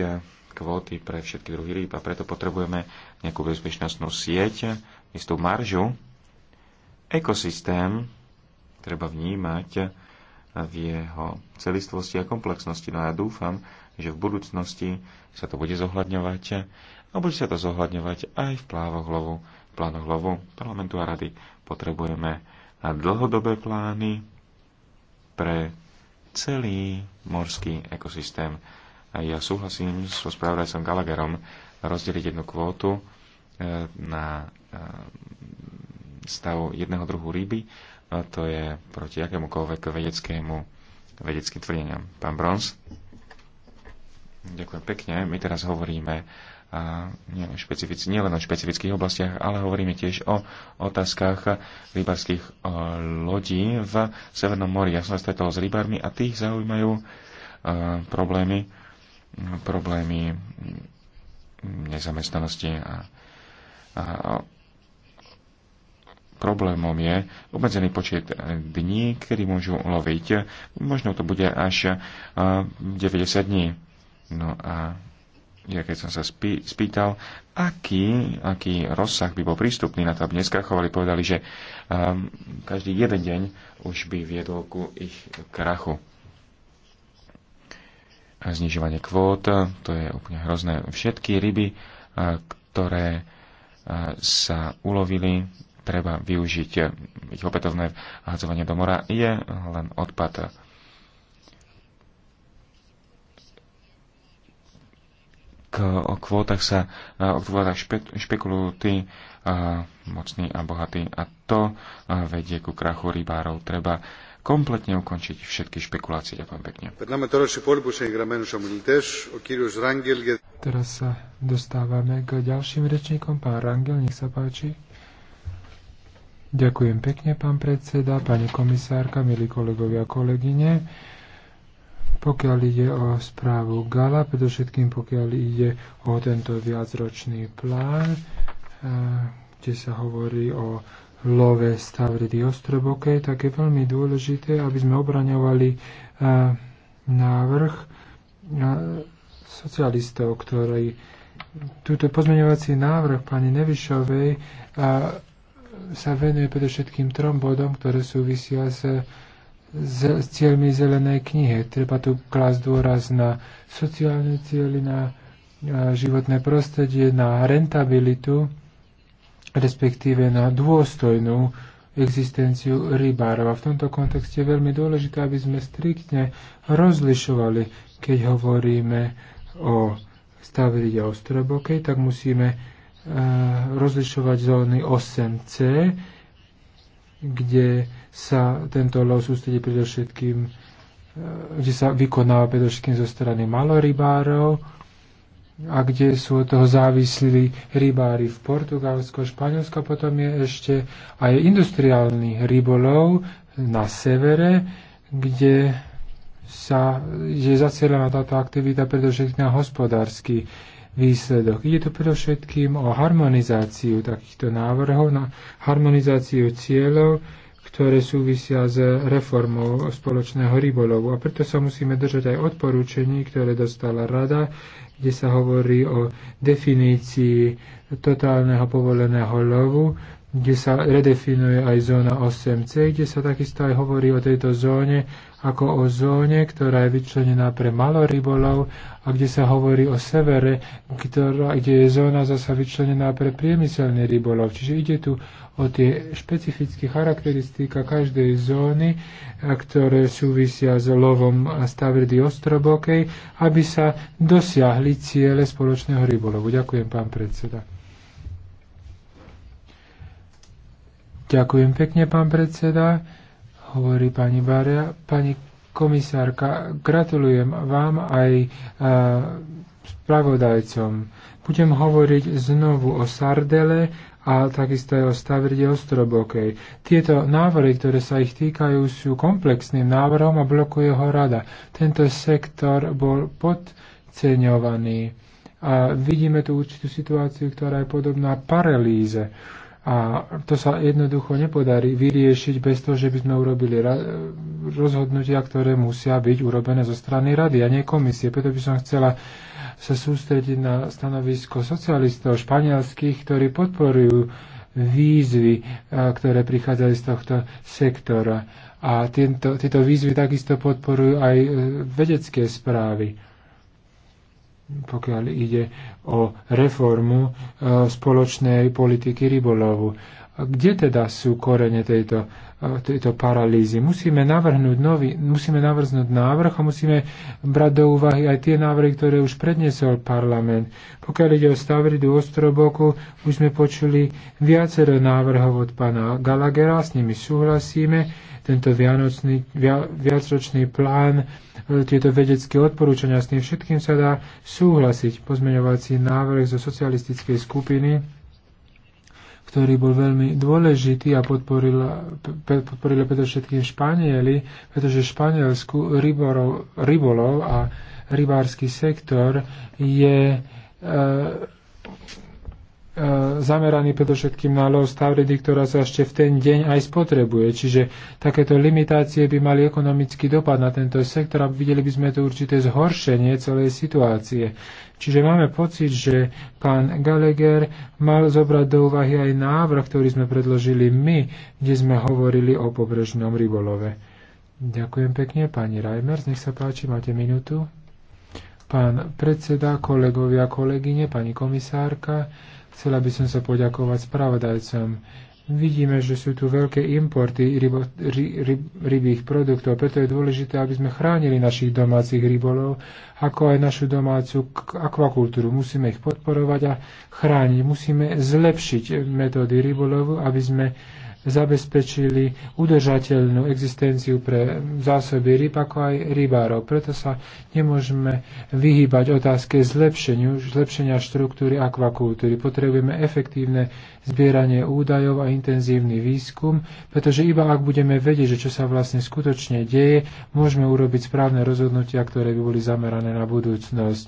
S2: kvóty pre všetky druhy rýb a preto potrebujeme nejakú bezpečnostnú sieť, istú maržu, ekosystém treba vnímať v jeho celistvosti a komplexnosti. No a ja dúfam, že v budúcnosti sa to bude zohľadňovať a bude sa to zohľadňovať aj v plávoch hlavu, plánoch hlavu parlamentu a rady. Potrebujeme dlhodobé plány pre celý morský ekosystém. A ja súhlasím so správdajcom Gallagherom rozdeliť jednu kvótu eh, na eh, stavu jedného druhu ryby, a to je proti akémukoľvek vedeckému vedeckým tvrdeniam. Pán Brons. Ďakujem pekne. My teraz hovoríme a nielen, špecific, len o špecifických oblastiach, ale hovoríme tiež o otázkach rybárskych e, lodí v Severnom mori. Ja som sa stretol s rybármi a tých zaujímajú e, problémy, problémy nezamestnanosti a, a, a problémom je obmedzený počet dní, ktorý môžu loviť. Možno to bude až 90 eh, dní. No a ja keď som sa spý, spýtal, aký, aký rozsah by bol prístupný na to, aby neskrachovali, povedali, že um, každý jeden deň už by viedol ku ich krachu. A znižovanie kvót, to je úplne hrozné. Všetky ryby, eh, ktoré sa ulovili treba využiť ich eh, opätovné hádzovanie do mora, je len odpad. K, o kvótach sa eh, o kvótach špe, špekulujú tí a, eh, mocní a bohatí a to a, vedie ku krachu rybárov. Treba kompletne ukončiť všetky špekulácie. Ďakujem pekne.
S1: Teraz sa dostávame k ďalším rečníkom. Pán Rangel, nech sa páči. Ďakujem pekne, pán predseda, pani komisárka, milí kolegovia a kolegyne. Pokiaľ ide o správu Gala, predovšetkým pokiaľ ide o tento viacročný plán, eh, kde sa hovorí o love Stavridy Ostrobokej, tak je veľmi dôležité, aby sme obraňovali eh, návrh eh, socialistov, ktorý túto pozmeňovací návrh pani Nevišovej sa venuje predovšetkým trom bodom, ktoré súvisia s, s, s cieľmi zelenej knihy. Treba tu klásť dôraz na sociálne cieľy, na životné prostredie, na rentabilitu, respektíve na dôstojnú existenciu rybárov. A v tomto kontexte je veľmi dôležité, aby sme striktne rozlišovali, keď hovoríme o stave o ostrobokej, tak musíme Eh, rozlišovať zóny 8C, kde sa tento lov sústredí predovšetkým, eh, kde sa vykonáva predovšetkým zo strany malorybárov a kde sú od toho závislí rybári v Portugalsku, Španielsku. Potom je ešte aj industriálny rybolov na severe, kde sa, je zacielená táto aktivita predovšetkým na hospodársky výsledok. Ide tu predovšetkým o harmonizáciu takýchto návrhov, na harmonizáciu cieľov, ktoré súvisia s reformou spoločného rybolovu. A preto sa musíme držať aj odporúčení, ktoré dostala rada, kde sa hovorí o definícii totálneho povoleného lovu, kde sa redefinuje aj zóna 8C, kde sa takisto aj hovorí o tejto zóne ako o zóne, ktorá je vyčlenená pre malorybolov a kde sa hovorí o severe, ktorá, kde je zóna zasa vyčlenená pre priemyselný rybolov. Čiže ide tu o tie špecifické charakteristika každej zóny, ktoré súvisia s lovom stavrdy ostrobokej, aby sa dosiahli ciele spoločného rybolovu. Ďakujem, pán predseda. Ďakujem pekne, pán predseda, hovorí pani Bária. Pani komisárka, gratulujem vám aj a, e, spravodajcom. Budem hovoriť znovu o sardele a takisto aj o stavrde Ostrobokej. Tieto návrhy, ktoré sa ich týkajú, sú komplexným návrhom a blokuje ho rada. Tento sektor bol podceňovaný a vidíme tu určitú situáciu, ktorá je podobná paralýze. A to sa jednoducho nepodarí vyriešiť bez toho, že by sme urobili rozhodnutia, ktoré musia byť urobené zo strany rady a nie komisie. Preto by som chcela sa sústrediť na stanovisko socialistov španielských, ktorí podporujú výzvy, e, ktoré prichádzajú z tohto sektora. A tieto výzvy takisto podporujú aj e, vedecké správy pokiaľ ide o reformu e, spoločnej politiky rybolovu. Kde teda sú korene tejto, e, tejto paralýzy? Musíme navrhnúť nový, musíme navrhnúť návrh a musíme brať do úvahy aj tie návrhy, ktoré už predniesol parlament. Pokiaľ ide o Stavridu Ostroboku, už sme počuli viacero návrhov od pána Galagera, s nimi súhlasíme. Tento vianočný, via, viacročný plán, e, tieto vedecké odporúčania, s tým všetkým sa dá súhlasiť. Pozmeňovací návrh zo socialistickej skupiny ktorý bol veľmi dôležitý a podporila, podporila predovšetkým Španieli, pretože Španielsku rybolov, rybolov a rybársky sektor je e, E, zameraný predovšetkým na lov stavredy, ktorá sa ešte v ten deň aj spotrebuje. Čiže takéto limitácie by mali ekonomický dopad na tento sektor a videli by sme to určité zhoršenie celej situácie. Čiže máme pocit, že pán Gallagher mal zobrať do úvahy aj návrh, ktorý sme predložili my, kde sme hovorili o pobrežnom rybolove. Ďakujem pekne, pani Reimers, nech sa páči, máte minútu. Pán predseda, kolegovia, kolegyne, pani komisárka, Chcela by som sa poďakovať spravodajcom. Vidíme, že sú tu veľké importy rybo, ry, ry, rybých produktov, preto je dôležité, aby sme chránili našich domácich rybolov, ako aj našu domácu akvakultúru. Musíme ich podporovať a chrániť. Musíme zlepšiť metódy rybolovu, aby sme zabezpečili udržateľnú existenciu pre zásoby rýb, ako aj rybárov. Preto sa nemôžeme vyhýbať otázke zlepšeniu, zlepšenia štruktúry akvakultúry. Potrebujeme efektívne zbieranie údajov a intenzívny výskum, pretože iba ak budeme vedieť, že čo sa vlastne skutočne deje, môžeme urobiť správne rozhodnutia, ktoré by boli zamerané na budúcnosť.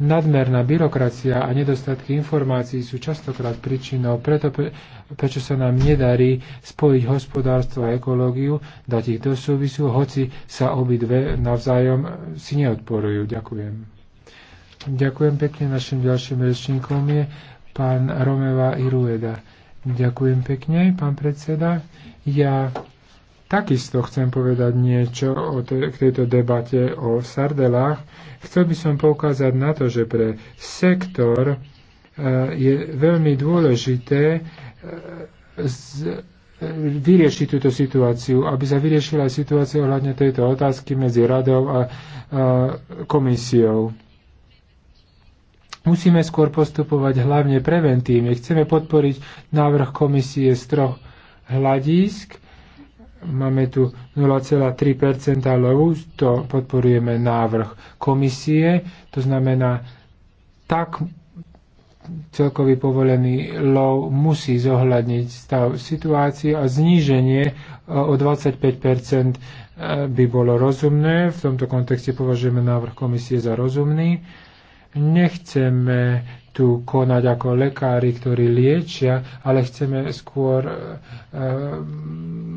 S1: Nadmerná byrokracia a nedostatky informácií sú častokrát príčinou, preto pre, prečo sa nám nedarí spojiť hospodárstvo a ekológiu, dať ich do súvisu, hoci sa obidve navzájom si neodporujú. Ďakujem. Ďakujem pekne našim ďalším rečníkom je pán Romeva Irueda. Ďakujem pekne, pán predseda. Ja Takisto chcem povedať niečo o te, k tejto debate o sardelách. Chcel by som poukázať na to, že pre sektor e, je veľmi dôležité e, z, e, vyriešiť túto situáciu, aby sa vyriešila aj situácia ohľadne tejto otázky medzi radou a, a komisiou. Musíme skôr postupovať hlavne preventívne. Chceme podporiť návrh komisie z troch hľadísk Máme tu 0,3% už to podporujeme návrh komisie, to znamená, tak celkový povolený lov musí zohľadniť stav situácie a zníženie e, o 25 e, by bolo rozumné. V tomto kontexte považujeme návrh komisie za rozumný. Nechceme tu konať ako lekári, ktorí liečia, ale chceme skôr e, e,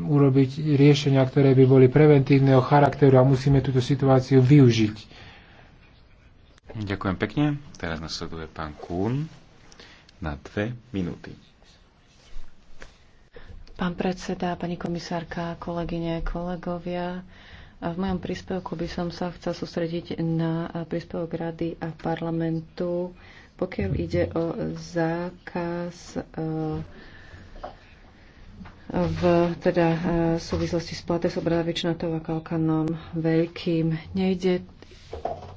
S1: urobiť riešenia, ktoré by boli preventívneho charakteru a musíme túto situáciu
S2: využiť. Ďakujem pekne. Teraz nasleduje pán Kún na dve minúty.
S3: Pán predseda, pani komisárka, kolegyne, kolegovia, a v mojom príspevku by som sa chcel sústrediť na príspevok Rady a parlamentu pokiaľ ide o zákaz e, v teda e, v súvislosti s plates obrávičnatou a kalkanom veľkým nejde.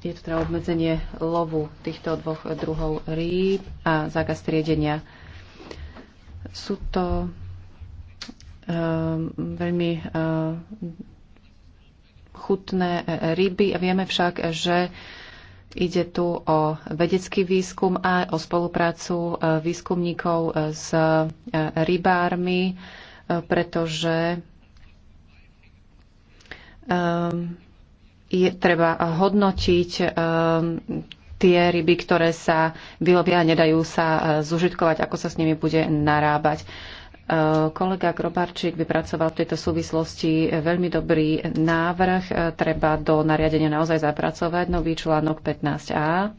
S3: Je to teda obmedzenie lovu týchto dvoch druhov rýb a zákaz triedenia. Sú to um, veľmi um, chutné ryby a vieme však, že uh, Ide tu o vedecký výskum a o spoluprácu e, výskumníkov s e, rybármi, e, pretože ehm, je treba hodnotiť ehm, tie ryby, ktoré sa vylovia a nedajú sa zužitkovať, ako sa s nimi bude narábať. Kolega Grobarčík vypracoval v tejto súvislosti veľmi dobrý návrh. Treba do nariadenia naozaj zapracovať nový článok 15a.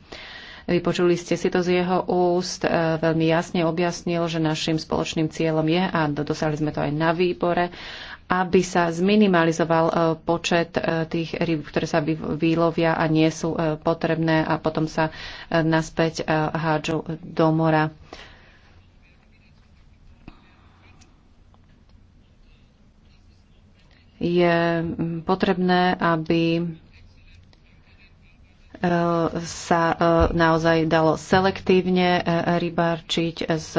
S3: Vypočuli ste si to z jeho úst, veľmi jasne objasnil, že našim spoločným cieľom je, a dosali sme to aj na výbore, aby sa zminimalizoval e, počet e, tých rýb, ktoré sa výlovia a nie sú e, potrebné a potom sa naspäť hádžu do mora. je potrebné, aby e, sa e, naozaj dalo selektívne e, rybarčiť s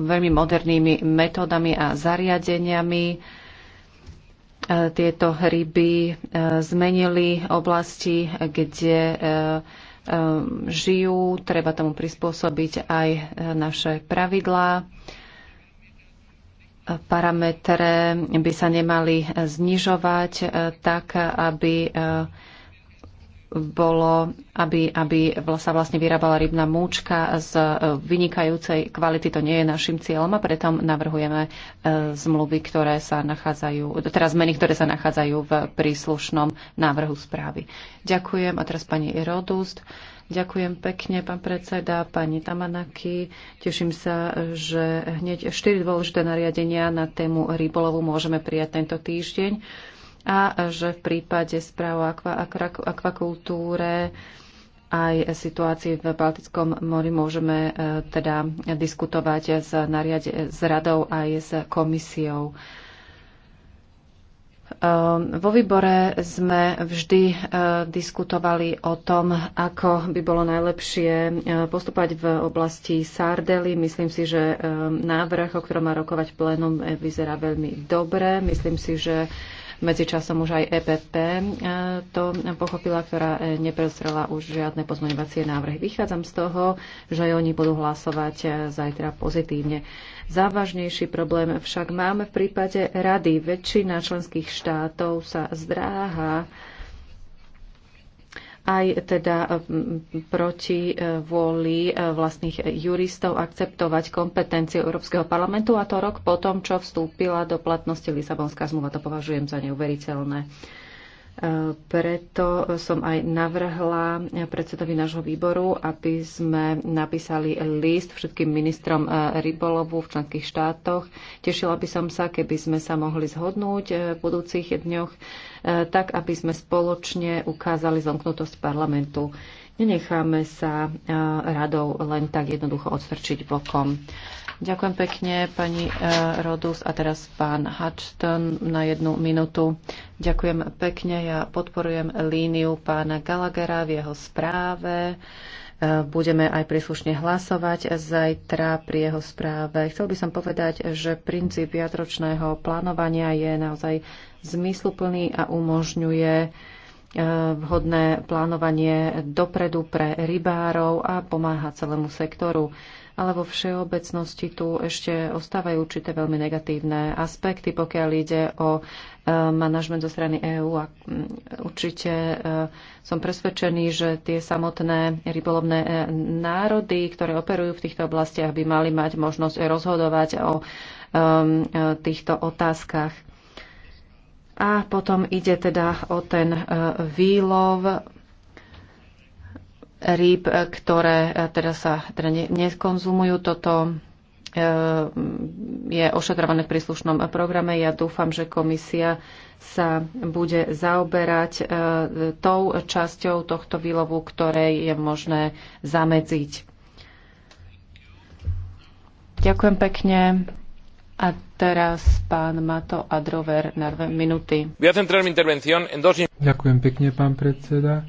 S3: veľmi modernými metódami a zariadeniami. Tieto ryby zmenili oblasti, kde žijú, treba tomu prispôsobiť aj naše pravidlá parametre by sa nemali znižovať eh, tak, aby eh, bolo, aby, aby sa vlastne vyrábala rybná múčka z e, vynikajúcej kvality. To nie je našim cieľom a preto navrhujeme e, zmluvy, ktoré sa nachádzajú, teraz zmeny, ktoré sa nachádzajú v príslušnom návrhu správy. Ďakujem. A teraz pani Erodust. Ďakujem pekne, pán predseda, pani Tamanaki. Teším sa, že hneď 4 dôležité nariadenia na tému rybolovu môžeme prijať tento týždeň a že v prípade správ o akvakultúre aj situácii v Baltickom mori môžeme e, teda diskutovať s, nariade, s radou aj s komisiou. E, vo výbore sme vždy e, diskutovali o tom, ako by bolo najlepšie postupovať v oblasti Sardely. Myslím si, že návrh, o ktorom má rokovať plénum, vyzerá veľmi dobre. Myslím si, že Medzičasom už aj EPP e, to pochopila, ktorá e, neprezrela už žiadne pozmeňovacie návrhy. Vychádzam z toho, že oni budú hlasovať e, zajtra pozitívne. Závažnejší problém však máme v prípade rady. Väčšina členských štátov sa zdráha aj teda e, proti e, vôli e, vlastných juristov akceptovať kompetencie Európskeho parlamentu a to rok potom, čo vstúpila do platnosti Lisabonská zmluva. To považujem za neuveriteľné. Preto som aj navrhla predsedovi nášho výboru, aby sme napísali list všetkým ministrom eh, rybolovu v členských štátoch. Tešila by som sa, keby sme sa mohli zhodnúť eh, v budúcich dňoch, eh, tak aby sme spoločne ukázali zomknutosť parlamentu. Nenecháme sa radou len tak jednoducho odstrčiť bokom. Ďakujem pekne, pani e, Rodus. A teraz pán Hudson na jednu minútu. Ďakujem pekne. Ja podporujem líniu pána Gallaghera v jeho správe. E, budeme aj príslušne hlasovať zajtra pri jeho správe. Chcel by som povedať, že princíp viacročného plánovania je naozaj zmysluplný a umožňuje vhodné plánovanie dopredu pre rybárov a pomáha celému sektoru. Ale vo všeobecnosti tu ešte ostávajú určité veľmi negatívne aspekty, pokiaľ ide o e, manažment zo strany EÚ. A mm, určite e, som presvedčený, že tie samotné rybolovné e, národy, ktoré operujú v týchto oblastiach, by mali mať možnosť rozhodovať o týchto otázkach a potom ide teda o ten e, výlov rýb, e, ktoré e, teda sa teda neskonzumujú. Toto je ošetrované v príslušnom programe. Ja dúfam, že komisia sa bude zaoberať tou časťou tohto výlovu, ktorej je možné zamedziť. Ďakujem pekne. A teraz pán Mato Adrover na dve minúty.
S1: Ďakujem pekne, pán predseda.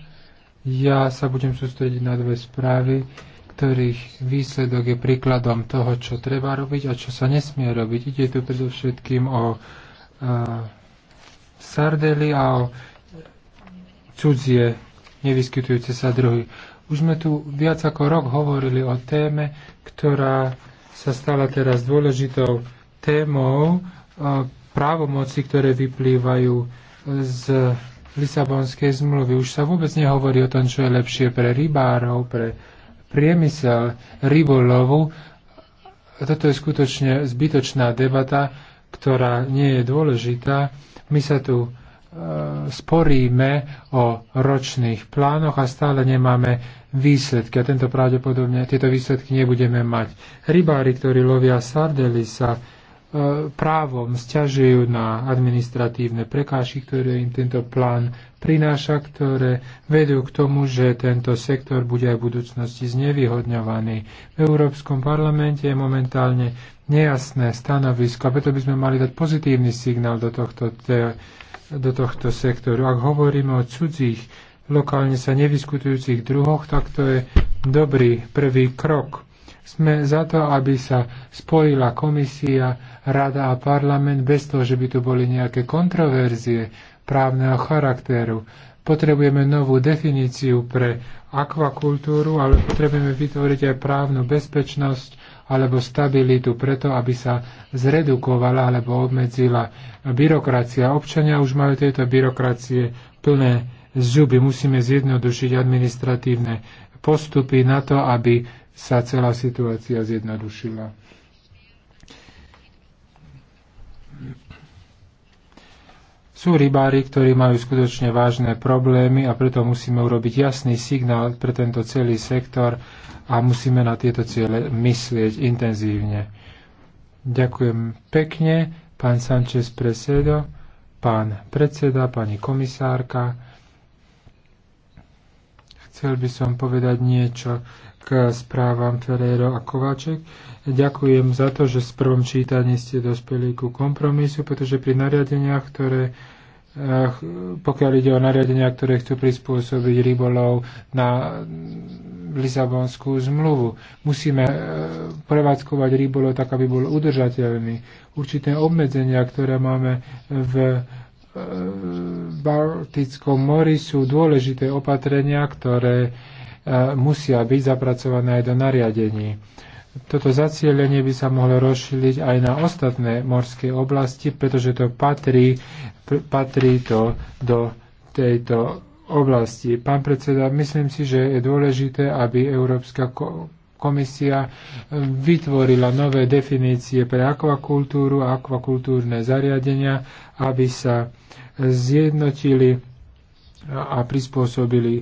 S1: Ja sa budem sústrediť na dve správy, ktorých výsledok je príkladom toho, čo treba robiť a čo sa nesmie robiť. Ide tu predovšetkým o uh, sardely a o cudzie nevyskytujúce sa druhy. Už sme tu viac ako rok hovorili o téme, ktorá sa stala teraz dôležitou témou e, právomoci, ktoré vyplývajú z Lisabonskej zmluvy. Už sa vôbec nehovorí o tom, čo je lepšie pre rybárov, pre priemysel rybolovu. Toto je skutočne zbytočná debata, ktorá nie je dôležitá. My sa tu e, sporíme o ročných plánoch a stále nemáme výsledky. A tento pravdepodobne tieto výsledky nebudeme mať. Rybári, ktorí lovia sardely, sa právom sťažujú na administratívne prekážky, ktoré im tento plán prináša, ktoré vedú k tomu, že tento sektor bude aj v budúcnosti znevýhodňovaný. V Európskom parlamente je momentálne nejasné stanovisko, preto by sme mali dať pozitívny signál do tohto, te, do tohto sektoru. Ak hovoríme o cudzích, lokálne sa nevyskutujúcich druhoch, tak to je dobrý prvý krok sme za to, aby sa spojila komisia, rada a parlament bez toho, že by tu boli nejaké kontroverzie právneho charakteru. Potrebujeme novú definíciu pre akvakultúru, ale potrebujeme vytvoriť aj právnu bezpečnosť alebo stabilitu preto, aby sa zredukovala alebo obmedzila byrokracia. Občania už majú tejto byrokracie plné zuby. Musíme zjednodušiť administratívne postupy na to, aby sa celá situácia zjednodušila. Sú rybári, ktorí majú skutočne vážne problémy a preto musíme urobiť jasný signál pre tento celý sektor a musíme na tieto ciele myslieť intenzívne. Ďakujem pekne, pán Sanchez Presedo, pán predseda, pani komisárka. Chcel by som povedať niečo k správam Ferrero a Kovaček. Ďakujem za to, že v prvom čítaní ste dospeli ku kompromisu, pretože pri nariadeniach, ktoré eh, pokiaľ ide o nariadenia, ktoré chcú prispôsobiť rybolov na Lisabonskú zmluvu. Musíme eh, prevádzkovať rybolov tak, aby bol udržateľný. Určité obmedzenia, ktoré máme v Baltickom mori sú dôležité opatrenia, ktoré e, musia byť zapracované aj do nariadení. Toto zacielenie by sa mohlo rozšíriť aj na ostatné morské oblasti, pretože to patrí, patrí to do tejto oblasti. Pán predseda, myslím si, že je dôležité, aby Európska komisia e, vytvorila nové definície pre akvakultúru a akvakultúrne zariadenia, aby sa zjednotili a prispôsobili e,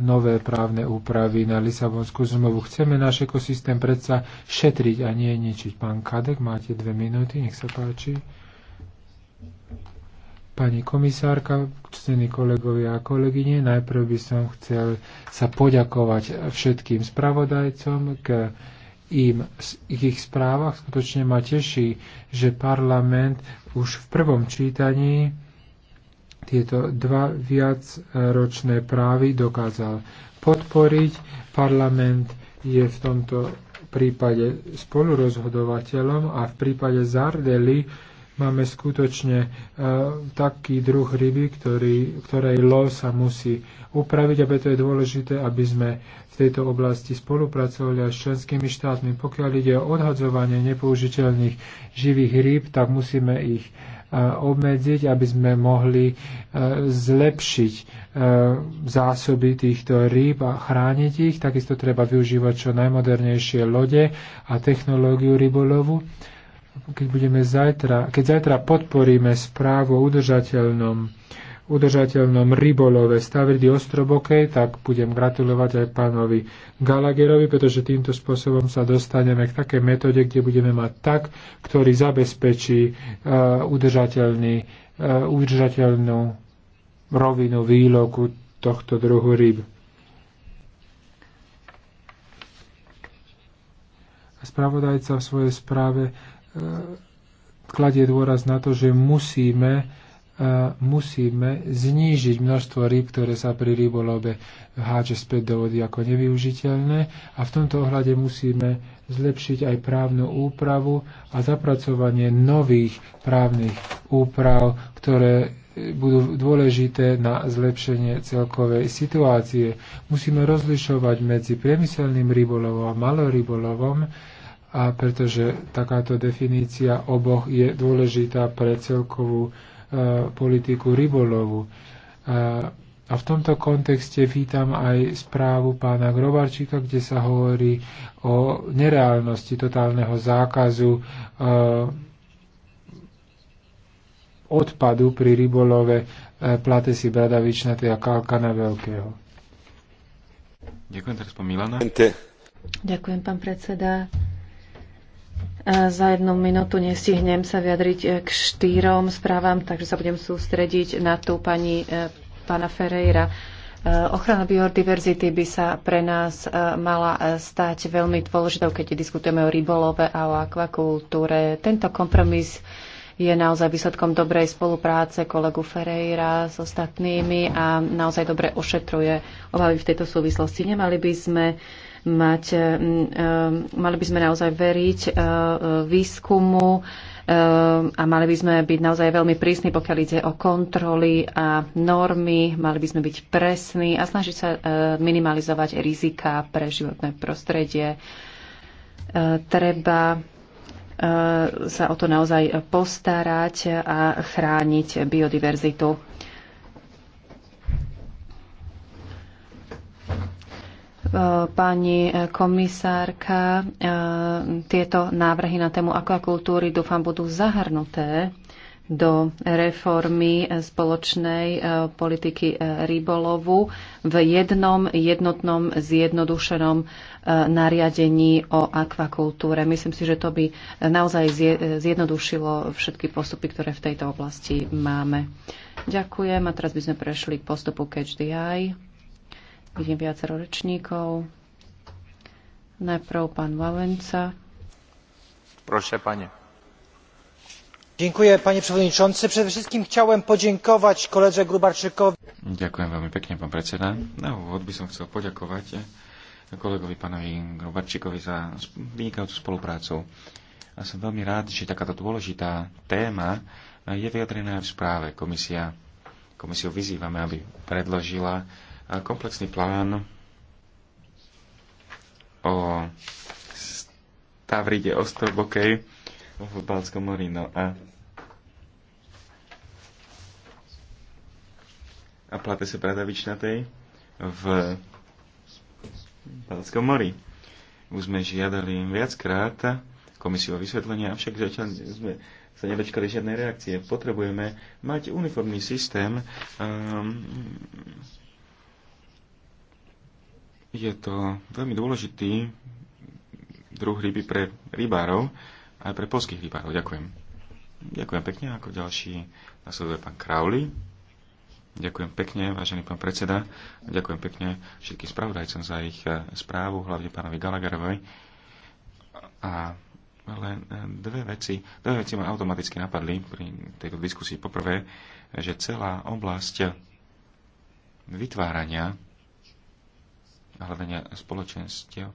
S1: nové právne úpravy na Lisabonskú zmluvu. Chceme náš ekosystém predsa šetriť a nie ničiť. Pán Kadek, máte dve minúty, nech sa páči. Pani komisárka, ctení kolegovia a kolegyne, najprv by som chcel sa poďakovať všetkým spravodajcom k im ich správach. Skutočne ma teší, že parlament už v prvom čítaní tieto dva viacročné právy dokázal podporiť. Parlament je v tomto prípade spolurozhodovateľom a v prípade Zardely Máme skutočne e, taký druh ryby, ktorý, ktorej lov sa musí upraviť a preto je dôležité, aby sme v tejto oblasti spolupracovali aj s členskými štátmi. Pokiaľ ide o odhadzovanie nepoužiteľných živých rýb, tak musíme ich e, obmedziť, aby sme mohli e, zlepšiť e, zásoby týchto rýb a chrániť ich. Takisto treba využívať čo najmodernejšie lode a technológiu rybolovu keď budeme zajtra, keď zajtra podporíme správu o udržateľnom, udržateľnom rybolove Stavridy Ostrobokej, tak budem gratulovať aj pánovi Galagerovi, pretože týmto spôsobom sa dostaneme k takej metóde, kde budeme mať tak, ktorý zabezpečí uh, udržateľný, uh, udržateľnú rovinu výloku tohto druhu ryb. Spravodajca v svojej správe E, kladie dôraz na to, že musíme e, musíme znížiť množstvo rýb, ktoré sa pri rybolobe háče späť do vody ako nevyužiteľné a v tomto ohľade musíme zlepšiť aj právnu úpravu a zapracovanie nových právnych úprav, ktoré budú dôležité na zlepšenie celkovej situácie. Musíme rozlišovať medzi priemyselným rybolovom a malorybolovom, a pretože takáto definícia oboch je dôležitá pre celkovú e, politiku rybolovu. E, a v tomto kontexte vítam aj správu pána Grobarčíka, kde sa hovorí o nereálnosti totálneho zákazu e, odpadu pri rybolove e, si bradavičná a teda kalkana veľkého.
S2: Ďakujem teraz pán Milana.
S3: Ďakujem pán predseda. Za jednu minútu nestihnem sa vyjadriť eh, k štyrom správam, takže sa budem sústrediť na tú pani eh, pána Ferreira. Eh, ochrana biodiverzity by sa pre nás mala stať veľmi dôležitou, keď diskutujeme o rybolove a o akvakultúre. Tento kompromis je naozaj výsledkom dobrej spolupráce kolegu Ferreira s ostatnými a naozaj dobre ošetruje obavy v tejto súvislosti. Nemali by sme uh, mať, e, e, mali by sme naozaj veriť e, výskumu a mali by sme byť naozaj veľmi prísni, pokiaľ ide o kontroly a normy, mali by sme byť presní a snažiť sa minimalizovať rizika pre životné prostredie. Treba sa o to naozaj postarať a chrániť biodiverzitu. Pani komisárka, e, tieto návrhy na tému akvakultúry dúfam budú zahrnuté do reformy spoločnej e, politiky e, rybolovu v jednom jednotnom zjednodušenom nariadení o akvakultúre. Myslím si, že to by naozaj zjednodušilo všetky postupy, ktoré v tejto oblasti máme. Ďakujem a teraz by sme prešli k postupu Catch the Eye. Vidím viacero rečníkov. Najprv pán Valenca.
S2: Proszę, panie.
S4: Dziękuję, panie przewodniczący. Przede wszystkim chciałem podziękować koledze Grubarczykowi.
S2: Dziękuję bardzo pięknie, pan prezydent. Na úvod by som chcel poďakovať kolegovi pánovi Grubarczykowi za wynikającą współpracę. A som veľmi rád, že takáto dôležitá téma je vyjadrená v správe. Komisia, komisiu vyzývame, aby predložila komplexný plán o Tavride Ostrobokej v Balckom mori. No a, a na tej v Balckom mori. Už sme žiadali viackrát komisiu o vysvetlenie, avšak zatiaľ sme sa nedočkali žiadnej reakcie. Potrebujeme mať uniformný systém um, je to veľmi dôležitý druh ryby pre rybárov, aj pre polských rybárov. Ďakujem. Ďakujem pekne. Ako ďalší nasleduje pán Krauli. Ďakujem pekne, vážený pán predseda. Ďakujem pekne všetkým spravodajcom za ich eh, správu, hlavne pánovi Galagarovej. A len eh, dve veci, dve veci ma automaticky napadli pri tejto diskusii. Poprvé, že celá oblasť vytvárania hľadania spoločenstiev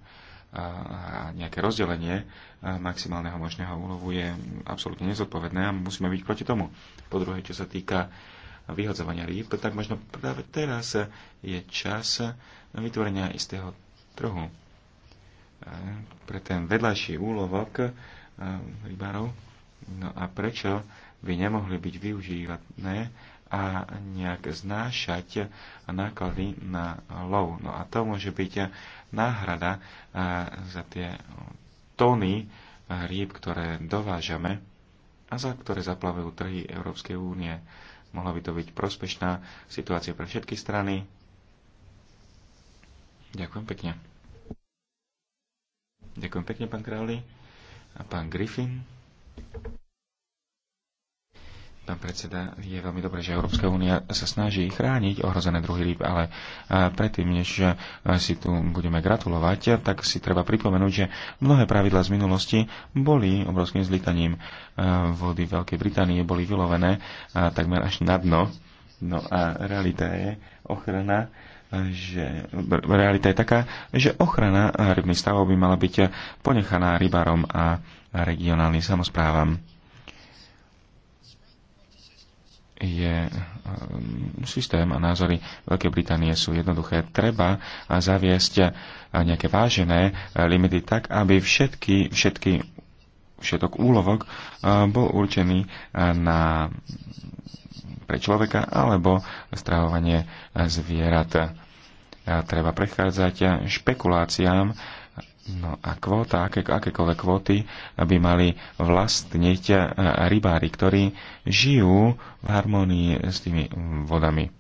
S2: a nejaké rozdelenie maximálneho možného úlovu je absolútne nezodpovedné a musíme byť proti tomu. Po druhé, čo sa týka vyhodzovania rýb, tak možno práve teraz je čas vytvorenia istého trhu. Pre ten vedľajší úlovok rybárov. No a prečo by nemohli byť využívané a nejak znášať náklady na lov. No a to môže byť náhrada e, za tie tóny e, rýb, ktoré dovážame a za ktoré zaplavujú trhy Európskej únie. Mohla by to byť prospešná situácia pre všetky strany. Ďakujem pekne. Ďakujem pekne, pán Králi a pán Griffin. Pán predseda, je veľmi dobré, že Európska únia sa snaží chrániť ohrozené druhy rýb, ale predtým, než si tu budeme gratulovať, tak si treba pripomenúť, že mnohé pravidlá z minulosti boli obrovským zlítaním. Vody Veľkej Británie boli vylovené takmer až na dno. No a realita je ochrana že realita je taká, že ochrana rybných stavov by mala byť ponechaná rybárom a regionálnym samozprávam. je um, systém a názory Veľkej Británie sú jednoduché. Treba zaviesť uh, nejaké vážené uh, limity tak, aby všetky, všetky, všetok úlovok uh, bol určený na pre človeka alebo strahovanie zvierat. Treba prechádzať špekuláciám, No a kvóta, aké, akékoľvek kvóty by mali vlastniť e, rybári, ktorí žijú v harmonii s tými vodami.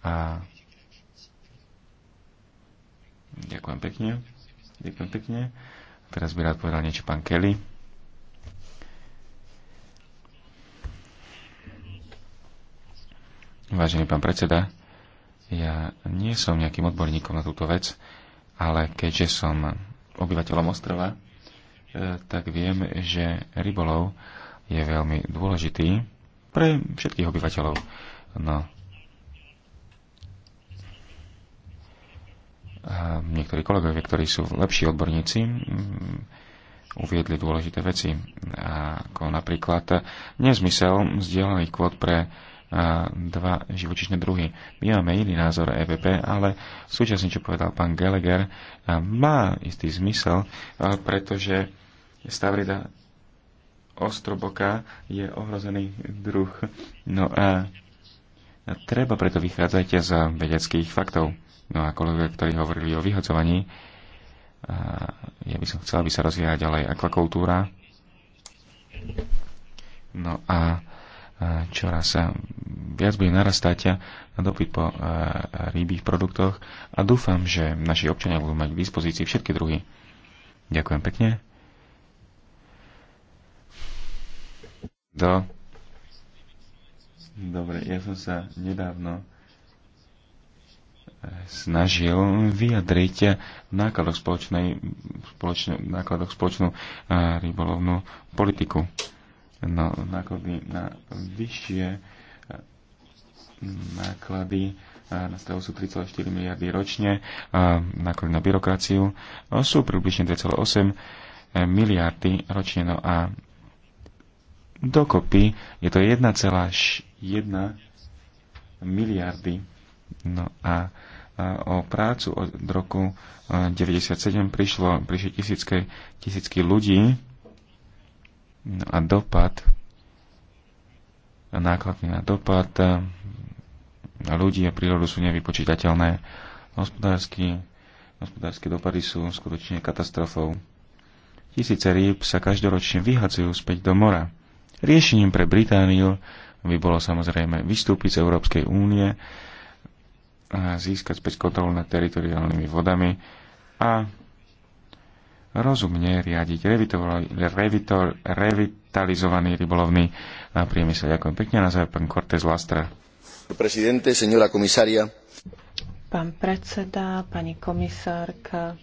S2: A... Ďakujem pekne. Ďakujem pekne. Teraz by rád povedal niečo pán Kelly. Vážený pán predseda, ja nie som nejakým odborníkom na túto vec, ale keďže som obyvateľom ostrova, e, tak viem, že rybolov je veľmi dôležitý pre všetkých obyvateľov. No. A niektorí kolegovia, ktorí sú lepší odborníci, uviedli dôležité veci, ako napríklad nezmysel vzdielaných kvót pre dva živočišné druhy. My máme iný názor EVP, ale súčasne, čo povedal pán Gallagher, má istý zmysel, pretože stavrida ostroboka je ohrozený druh. No a treba preto vychádzať z vedeckých faktov. No a kolegovia, ktorí hovorili o vyhocovaní, ja by som chcel, aby sa rozvíjala ďalej akvakultúra. No a čoraz viac bude narastať na dopyt po rybých produktoch a dúfam, že naši občania budú mať k dispozícii všetky druhy. Ďakujem pekne. Do. Dobre, ja som sa nedávno e, snažil vyjadriť v nákladoch, spoločnej, spoločne, nákladoch spoločnú e, rybolovnú politiku no, náklady na vyššie e, náklady e, na stavu sú 3,4 miliardy ročne, e, náklady na byrokraciu no, sú približne 2,8 miliardy ročne, no a dokopy je to 1,1 miliardy. No a o prácu od roku 1997 prišlo, prišli tisícky ľudí, No a dopad, náklady na dopad eh, na ľudí a prírodu sú nevypočítateľné. Hospodársky, hospodárske dopady sú skutočne katastrofou. Tisíce rýb sa každoročne vyhacujú späť do mora. Riešením pre Britániu by bolo samozrejme vystúpiť z Európskej únie a získať späť kontrolu nad teritoriálnymi vodami a rozumne riadiť revitor, revitalizovaný rybolovný eh, priemysel. Ďakujem pekne na záver, pán Cortés Lastra.
S3: Pán predseda, pani komisárka,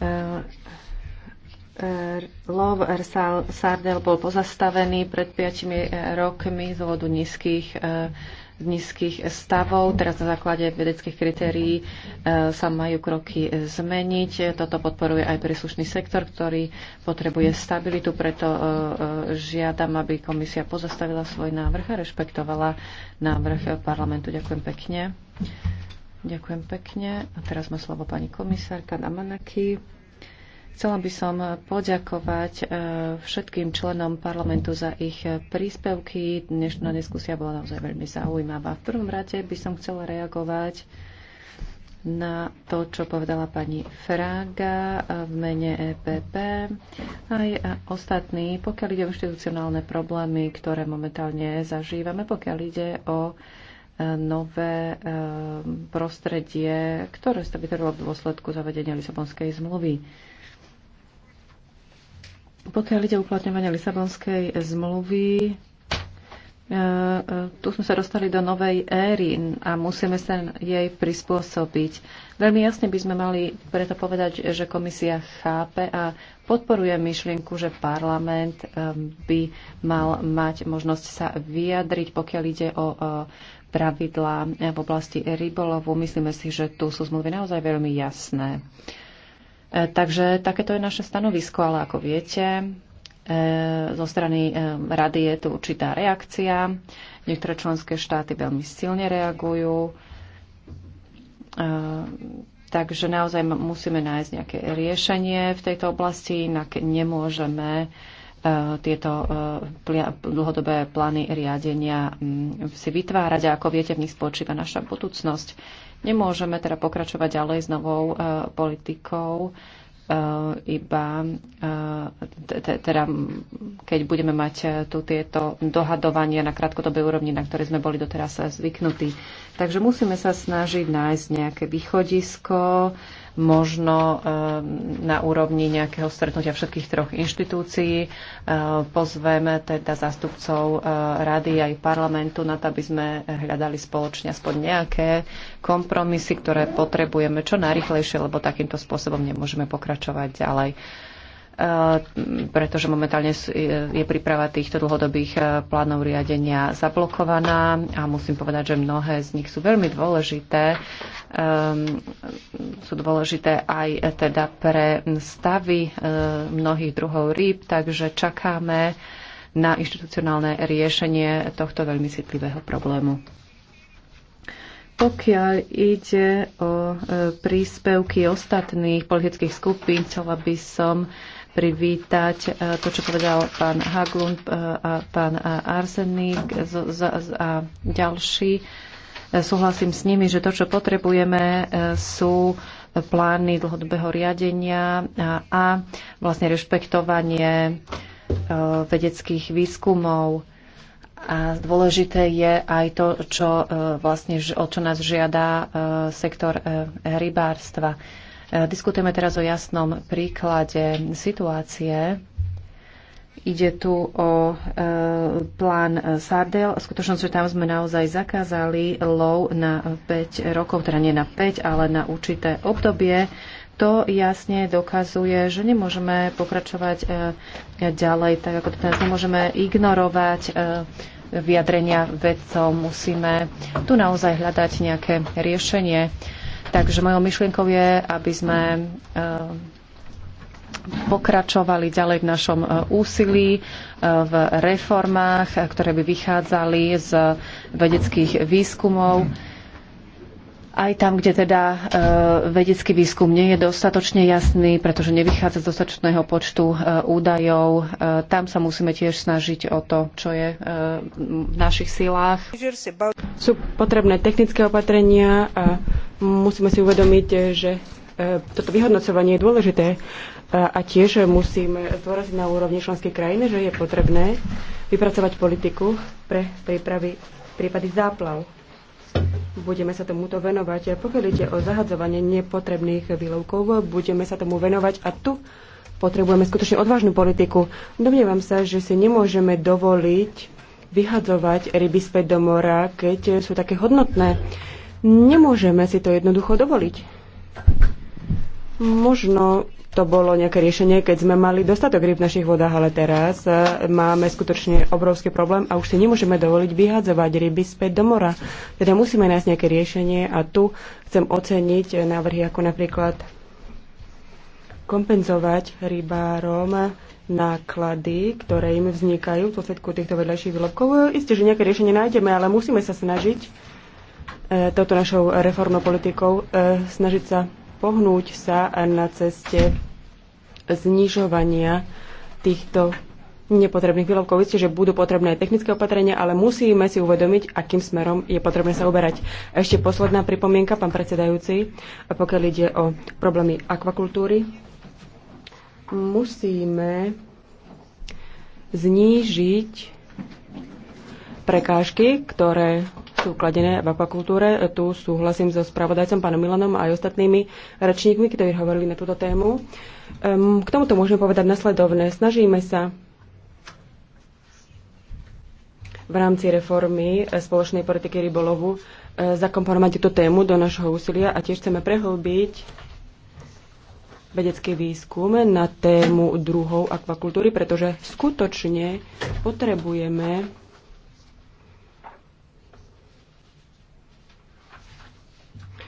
S3: eh, eh, lov sardel bol pozastavený pred 5 rokmi z vodu nízkych nízkych stavov. Teraz na základe vedeckých kritérií e, sa majú kroky zmeniť. Toto podporuje aj príslušný sektor, ktorý potrebuje stabilitu, preto e, e, žiadam, aby komisia pozastavila svoj návrh a rešpektovala návrh parlamentu. Ďakujem pekne. Ďakujem pekne. A teraz má slovo pani komisárka Damanaki. Chcela by som poďakovať e, všetkým členom parlamentu za ich príspevky. Dnešná diskusia bola naozaj veľmi zaujímavá. V prvom rade by som chcela reagovať na to, čo povedala pani Fraga e, v mene EPP, aj e, ostatní, pokiaľ ide o inštitucionálne problémy, ktoré momentálne zažívame, pokiaľ ide o nové prostredie, ktoré sa vytvorilo v dôsledku zavedenia Lisabonskej zmluvy. Pokiaľ ide uplatňovanie Lisabonskej zmluvy, e, e, tu sme sa dostali do novej éry a musíme sa jej prispôsobiť. Veľmi jasne by sme mali preto povedať, že komisia chápe a podporuje myšlienku, že parlament e, by mal mať možnosť sa vyjadriť, pokiaľ ide o pravidlá v oblasti rybolovu. Myslíme si, že tu sú zmluvy naozaj veľmi jasné. E, takže takéto je naše stanovisko, ale ako viete, e, zo strany e, rady je tu určitá reakcia. Niektoré členské štáty veľmi silne reagujú. Takže naozaj musíme nájsť nejaké riešenie v tejto oblasti, inak nemôžeme tieto dlhodobé plány riadenia si vytvárať a ako viete, v nich spočíva naša budúcnosť. Nemôžeme teda pokračovať ďalej s novou e, politikou, e, iba e, teda keď budeme mať tu tieto dohadovania na krátkodobej úrovni, na ktoré sme boli doteraz zvyknutí. Takže musíme sa snažiť nájsť nejaké východisko, možno eh, na úrovni nejakého stretnutia všetkých troch inštitúcií. Eh, pozveme teda zástupcov eh, rady aj parlamentu na to, aby sme hľadali spoločne aspoň nejaké kompromisy, ktoré potrebujeme čo najrychlejšie, lebo takýmto spôsobom nemôžeme pokračovať ďalej. E, pretože momentálne je príprava týchto dlhodobých e, plánov riadenia zablokovaná a musím povedať, že mnohé z nich sú veľmi dôležité. Ehm, sú dôležité aj e, teda pre stavy mnohých druhov rýb, takže čakáme na inštitucionálne riešenie tohto veľmi citlivého problému. Pokiaľ ide o príspevky ostatných politických skupín, chcela by som privítať e, to, čo povedal pán Haglund e, a pán e, Arsenik a ďalší. Súhlasím s nimi, že to, čo potrebujeme, sú plány dlhodobého riadenia a vlastne rešpektovanie vedeckých výskumov. A dôležité je aj to, čo, vlastne, o čo nás žiada sektor rybárstva. E, diskutujeme teraz o jasnom príklade situácie. Ide tu o e, plán Sardel. V skutočnosti tam sme naozaj zakázali lov na 5 rokov, teda nie na 5, ale na určité obdobie. To jasne dokazuje, že nemôžeme pokračovať e, ďalej, tak ako to teraz nemôžeme ignorovať e, vyjadrenia vedcov. Musíme tu naozaj hľadať nejaké riešenie. E, Takže mojou myšlienkou je, aby sme eh, pokračovali ďalej v našom eh, úsilí, eh, v reformách, ktoré by vychádzali z vedeckých výskumov. Mm aj tam, kde teda e, vedecký výskum nie je dostatočne jasný, pretože nevychádza z dostatočného počtu e, údajov. E, tam sa musíme tiež snažiť o
S5: to, čo je v našich silách. Sú potrebné technické opatrenia a musíme si uvedomiť, že toto vyhodnocovanie je dôležité a tiež musíme zdôraziť na úrovni členskej krajiny, že je potrebné vypracovať politiku pre prípravy prípady záplav budeme sa tomuto venovať. Pokiaľ ide o zahadzovanie nepotrebných výlovkov, budeme sa tomu venovať a tu potrebujeme skutočne odvážnu politiku. Domnievam sa, že si nemôžeme dovoliť vyhadzovať ryby späť do mora, keď sú také hodnotné. Nemôžeme si to jednoducho dovoliť. Možno to bolo nejaké riešenie, keď sme mali dostatok rýb v našich vodách, ale teraz e, máme skutočne obrovský problém a už si nemôžeme dovoliť vyhadzovať ryby späť do mora. Teda musíme nájsť nejaké riešenie a tu chcem oceniť návrhy ako napríklad kompenzovať rybárom náklady, ktoré im vznikajú v dôsledku týchto vedľajších výlobkov. Isté, že nejaké riešenie nájdeme, ale musíme sa snažiť e, touto našou reformnou politikou e, snažiť sa pohnúť sa na ceste znižovania týchto nepotrebných výlovkov. Viete, že budú potrebné aj technické opatrenia, ale musíme si uvedomiť, akým smerom je potrebné sa uberať. Ešte posledná pripomienka, pán predsedajúci, pokiaľ ide o problémy akvakultúry. Musíme znížiť prekážky, ktoré sú kladené v akvakultúre. Tu súhlasím so spravodajcom pánom Milanom a aj ostatnými rečníkmi, ktorí hovorili na túto tému. Ehm, k tomuto môžeme povedať nasledovné. Snažíme sa v rámci reformy eh, spoločnej politiky rybolovu eh, zakomponovať túto tému do našho úsilia a tiež chceme prehlbiť vedecký výskum na tému druhov akvakultúry, pretože skutočne potrebujeme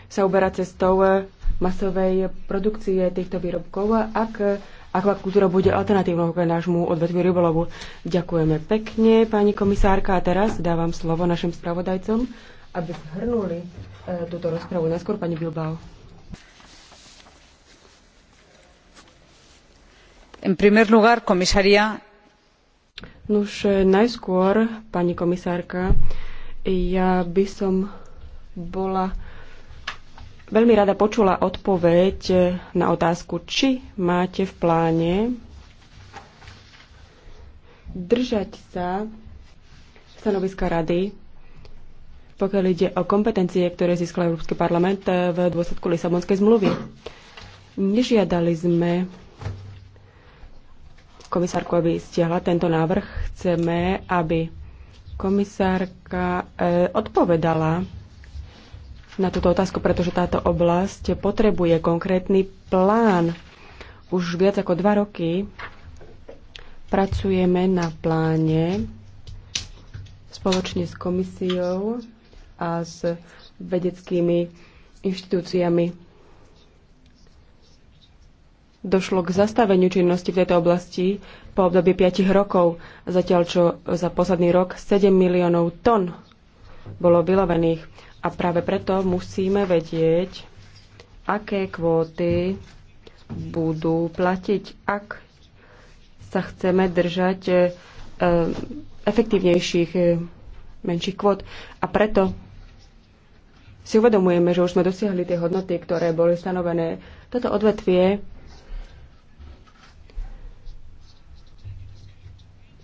S5: sa uberá cestou eh, masovej produkcie týchto výrobkov, ak akvakultúra bude alternatívnou k nášmu odvetviu rybolovu. Ďakujeme pekne, pani komisárka. A teraz dávam slovo našim spravodajcom, aby zhrnuli e, túto rozpravu. Najskôr pani Bilbao. En primer lugar, komisaria. Nuž, eh, najskôr, pani komisárka, ja by som bola veľmi rada počula odpoveď na otázku, či máte v pláne držať sa stanoviska rady, pokiaľ ide o kompetencie, ktoré získal Európsky parlament v dôsledku Lisabonskej zmluvy. Nežiadali sme komisárku, aby stiahla tento návrh. Chceme, aby komisárka eh, odpovedala na túto otázku, pretože táto oblasť potrebuje konkrétny plán. Už viac ako dva roky pracujeme na pláne spoločne s komisiou a s vedeckými inštitúciami. Došlo k zastaveniu činnosti v tejto oblasti po období 5 rokov, zatiaľ čo za posledný rok 7 miliónov tón bolo vylovených. A práve preto musíme vedieť, aké kvóty budú platiť, ak sa chceme držať e, efektívnejších e, menších kvót. A preto si uvedomujeme, že už sme dosiahli tie hodnoty, ktoré boli stanovené. Toto odvetvie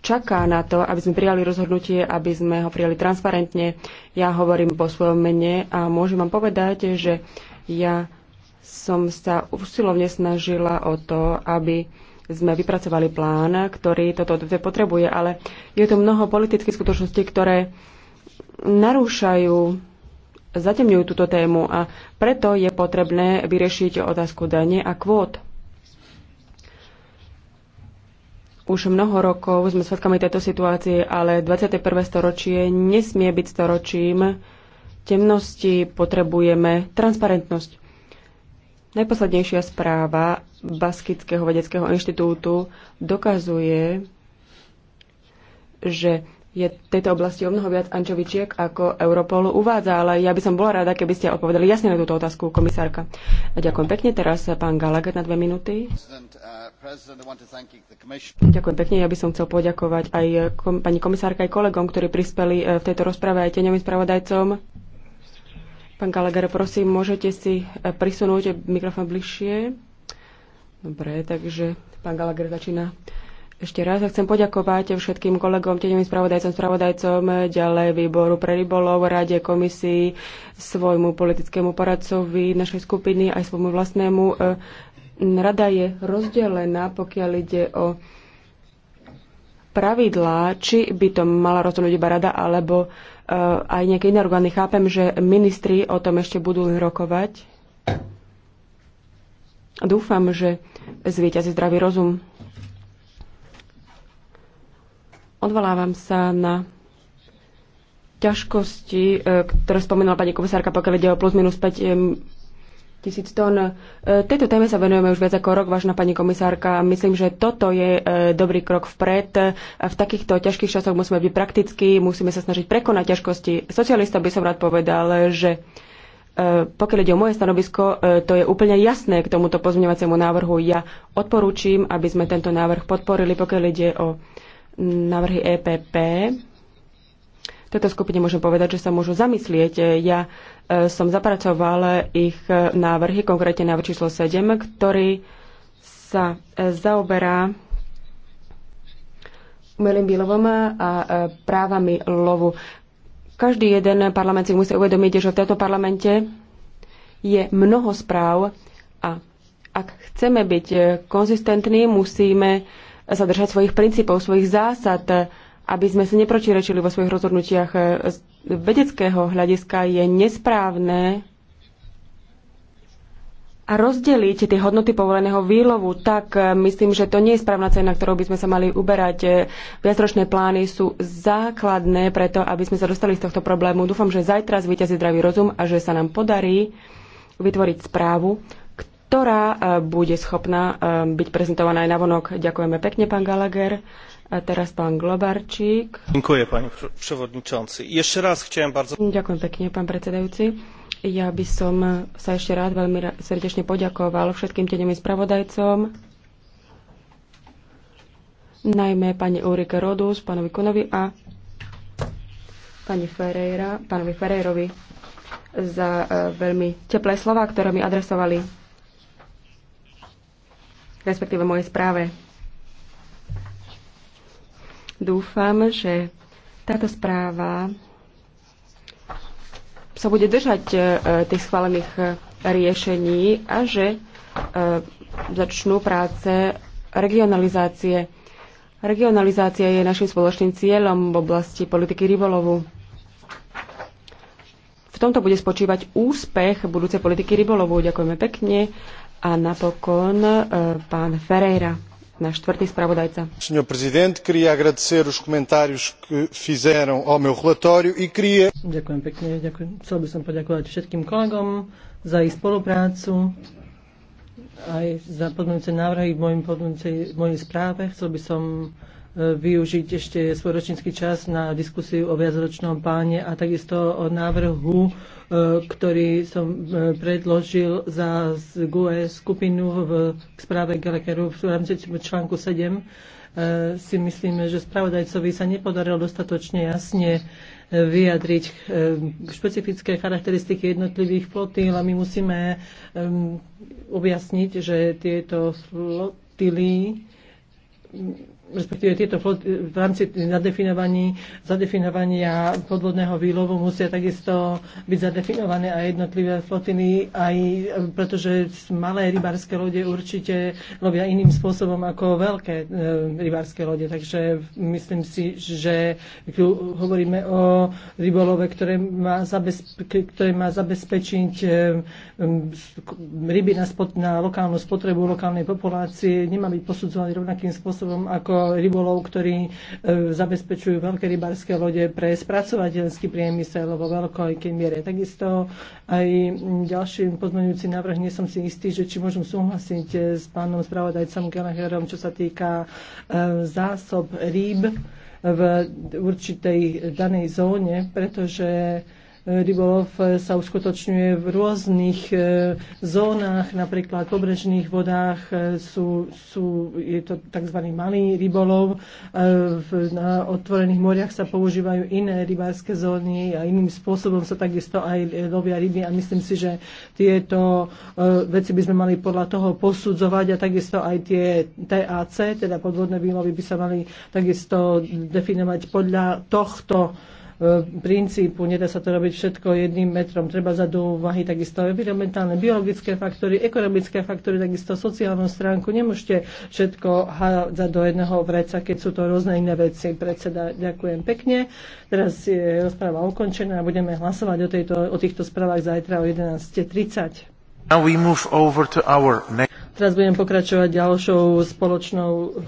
S5: čaká na to, aby sme prijali rozhodnutie, aby sme ho prijali transparentne. Ja hovorím po svojom mene a môžem vám povedať, že ja som sa usilovne snažila o to, aby sme vypracovali plán, ktorý toto dve potrebuje, ale je to mnoho politických skutočností, ktoré narúšajú, zatemňujú túto tému a preto je potrebné vyriešiť otázku dane a kvót. Už mnoho rokov sme svedkami tejto situácie, ale 21. storočie nesmie byť storočím temnosti, potrebujeme transparentnosť. Najposlednejšia správa Baskického vedeckého inštitútu dokazuje, že je v tejto oblasti o mnoho viac ančovičiek, ako Europol uvádza, ale ja by som bola rada, keby ste odpovedali jasne na túto otázku, komisárka. Ďakujem pekne. Teraz pán Gallagher na dve minúty. Ďakujem pekne. Ja by som chcel poďakovať aj eh, kom, pani komisárka, aj kolegom, ktorí prispeli eh, v tejto rozprave, aj teňovým spravodajcom. Pán Gallagher, prosím, môžete si eh, prisunúť mikrofón bližšie. Dobre, takže pán Gallagher začína ešte raz. A chcem poďakovať všetkým kolegom, teňovým spravodajcom, spravodajcom, ďalej výboru pre rybolov, rade, komisii, svojmu politickému poradcovi našej skupiny, aj svojmu vlastnému Rada je rozdelená, pokiaľ ide o pravidlá, či by to mala rozhodnúť iba rada, alebo uh, aj nejaké iné orgány. Chápem, že ministri o tom ešte budú rokovať. Dúfam, že zvýťazí zdravý rozum. Odvolávam sa na ťažkosti, e, ktoré spomínala pani komisárka, pokiaľ ide o plus minus 5 tisíc tón. E, tejto téme sa venujeme už viac ako rok, vážna pani komisárka. Myslím, že toto je e, dobrý krok vpred. V takýchto ťažkých časoch musíme byť prakticky, musíme sa snažiť prekonať ťažkosti. Socialista by som rád povedal, že e, pokiaľ ide o moje stanovisko, to je úplne jasné k tomuto pozmeňovaciemu návrhu. Ja odporúčam, aby sme tento návrh podporili, pokiaľ ide o návrhy EPP. Tejto skupine môžem povedať, že sa môžu zamyslieť. Ja E, som zapracovala ich e, návrhy, konkrétne návrh číslo 7, ktorý sa e, zaoberá umelým výlovom a právami lovu. Každý jeden parlament si musí uvedomiť, že v tomto parlamente je mnoho správ a ak chceme byť konzistentní, musíme sa držať svojich princípov, svojich zásad, aby sme si neprotirečili vo svojich rozhodnutiach vedeckého hľadiska je nesprávne a rozdeliť tie hodnoty povoleného výlovu, tak e, myslím, že to nie je správna cena, ktorou by sme sa mali uberať. E, viacročné plány sú základné preto, aby sme sa dostali z tohto problému. Dúfam, že zajtra zvíťazí zdravý rozum a že sa nám podarí vytvoriť správu, ktorá e, bude schopná byť prezentovaná aj na vonok. Ďakujeme pekne, pán Gallagher. A teraz pán Globarčík.
S4: Ďakujem, pani przewodniczący. raz bardzo...
S5: Ďakujem pekne, pán predsedajúci. Ja by som sa ešte rád veľmi srdečne poďakoval všetkým tieňovým spravodajcom, najmä pani Ulrike Rodus, pánovi Kunovi a pani Ferreira, pánovi Ferreirovi za e, veľmi teplé slova, ktoré mi adresovali, respektíve moje správe. Dúfam, že táto správa sa bude držať e, tých schválených e, riešení a že e, začnú práce regionalizácie. Regionalizácia je našim spoločným cieľom v oblasti politiky rybolovu. V tomto bude spočívať úspech budúcej politiky rybolovu. Ďakujeme pekne. A napokon pán
S4: Ferreira náš štvrtý spravodajca. E ďakujem pekne, ďakujem. Chcel by som poďakovať všetkým kolegom za ich spoluprácu aj za podmienujúce návrhy v mojej správe. Chcel by som využiť ešte svoročnícky čas na diskusiu o viacročnom pláne a takisto o návrhu, e, ktorý som e, predložil za GUE skupinu v, správe Gallagheru v rámci článku 7 e, si myslíme, že spravodajcovi sa nepodarilo dostatočne jasne vyjadriť špecifické charakteristiky jednotlivých flotil, a my musíme objasniť, že tieto flotily respektíve tieto floty v rámci zadefinovania podvodného výlovu musia takisto byť zadefinované aj jednotlivé flotiny, aj pretože malé rybárske lode určite robia iným spôsobom ako veľké e, rybárske lode. Takže myslím si, že tu hovoríme o rybolove, ktoré má, zabezpe- ktoré má zabezpečiť e, ryby na, spot- na lokálnu spotrebu lokálnej populácie, nemá byť posudzovaný rovnakým spôsobom ako rybolov, ktorí e, zabezpečujú veľké rybárske lode pre spracovateľský priemysel vo veľkej miere. Takisto aj ďalším pozmeňujúcim návrh nie som si istý, že či môžem súhlasiť e, s pánom spravodajcom Gallagherom, čo sa týka e, zásob rýb v určitej danej zóne, pretože E, rybolov e, sa uskutočňuje v rôznych e, zónach, napríklad v pobrežných vodách sú, sú, je to tzv. malý rybolov, na otvorených moriach sa používajú iné rybárske zóny a iným spôsobom sa takisto aj lovia ryby a myslím si, že tieto veci by sme mali podľa toho posudzovať a takisto aj tie TAC, teda podvodné výlovy by sa mali takisto definovať podľa tohto E, princípu. Nedá sa to robiť všetko jedným metrom. Treba za do úvahy takisto environmentálne, biologické faktory, ekonomické faktory, takisto sociálnu stránku. Nemôžete všetko hádzať do jedného vreca, keď sú to rôzne iné veci. Predseda, ďakujem pekne. Teraz je rozpráva ukončená a budeme hlasovať o, tejto, o týchto správach zajtra o 11.30. Now we move over to our next... Teraz budem pokračovať ďalšou spoločnou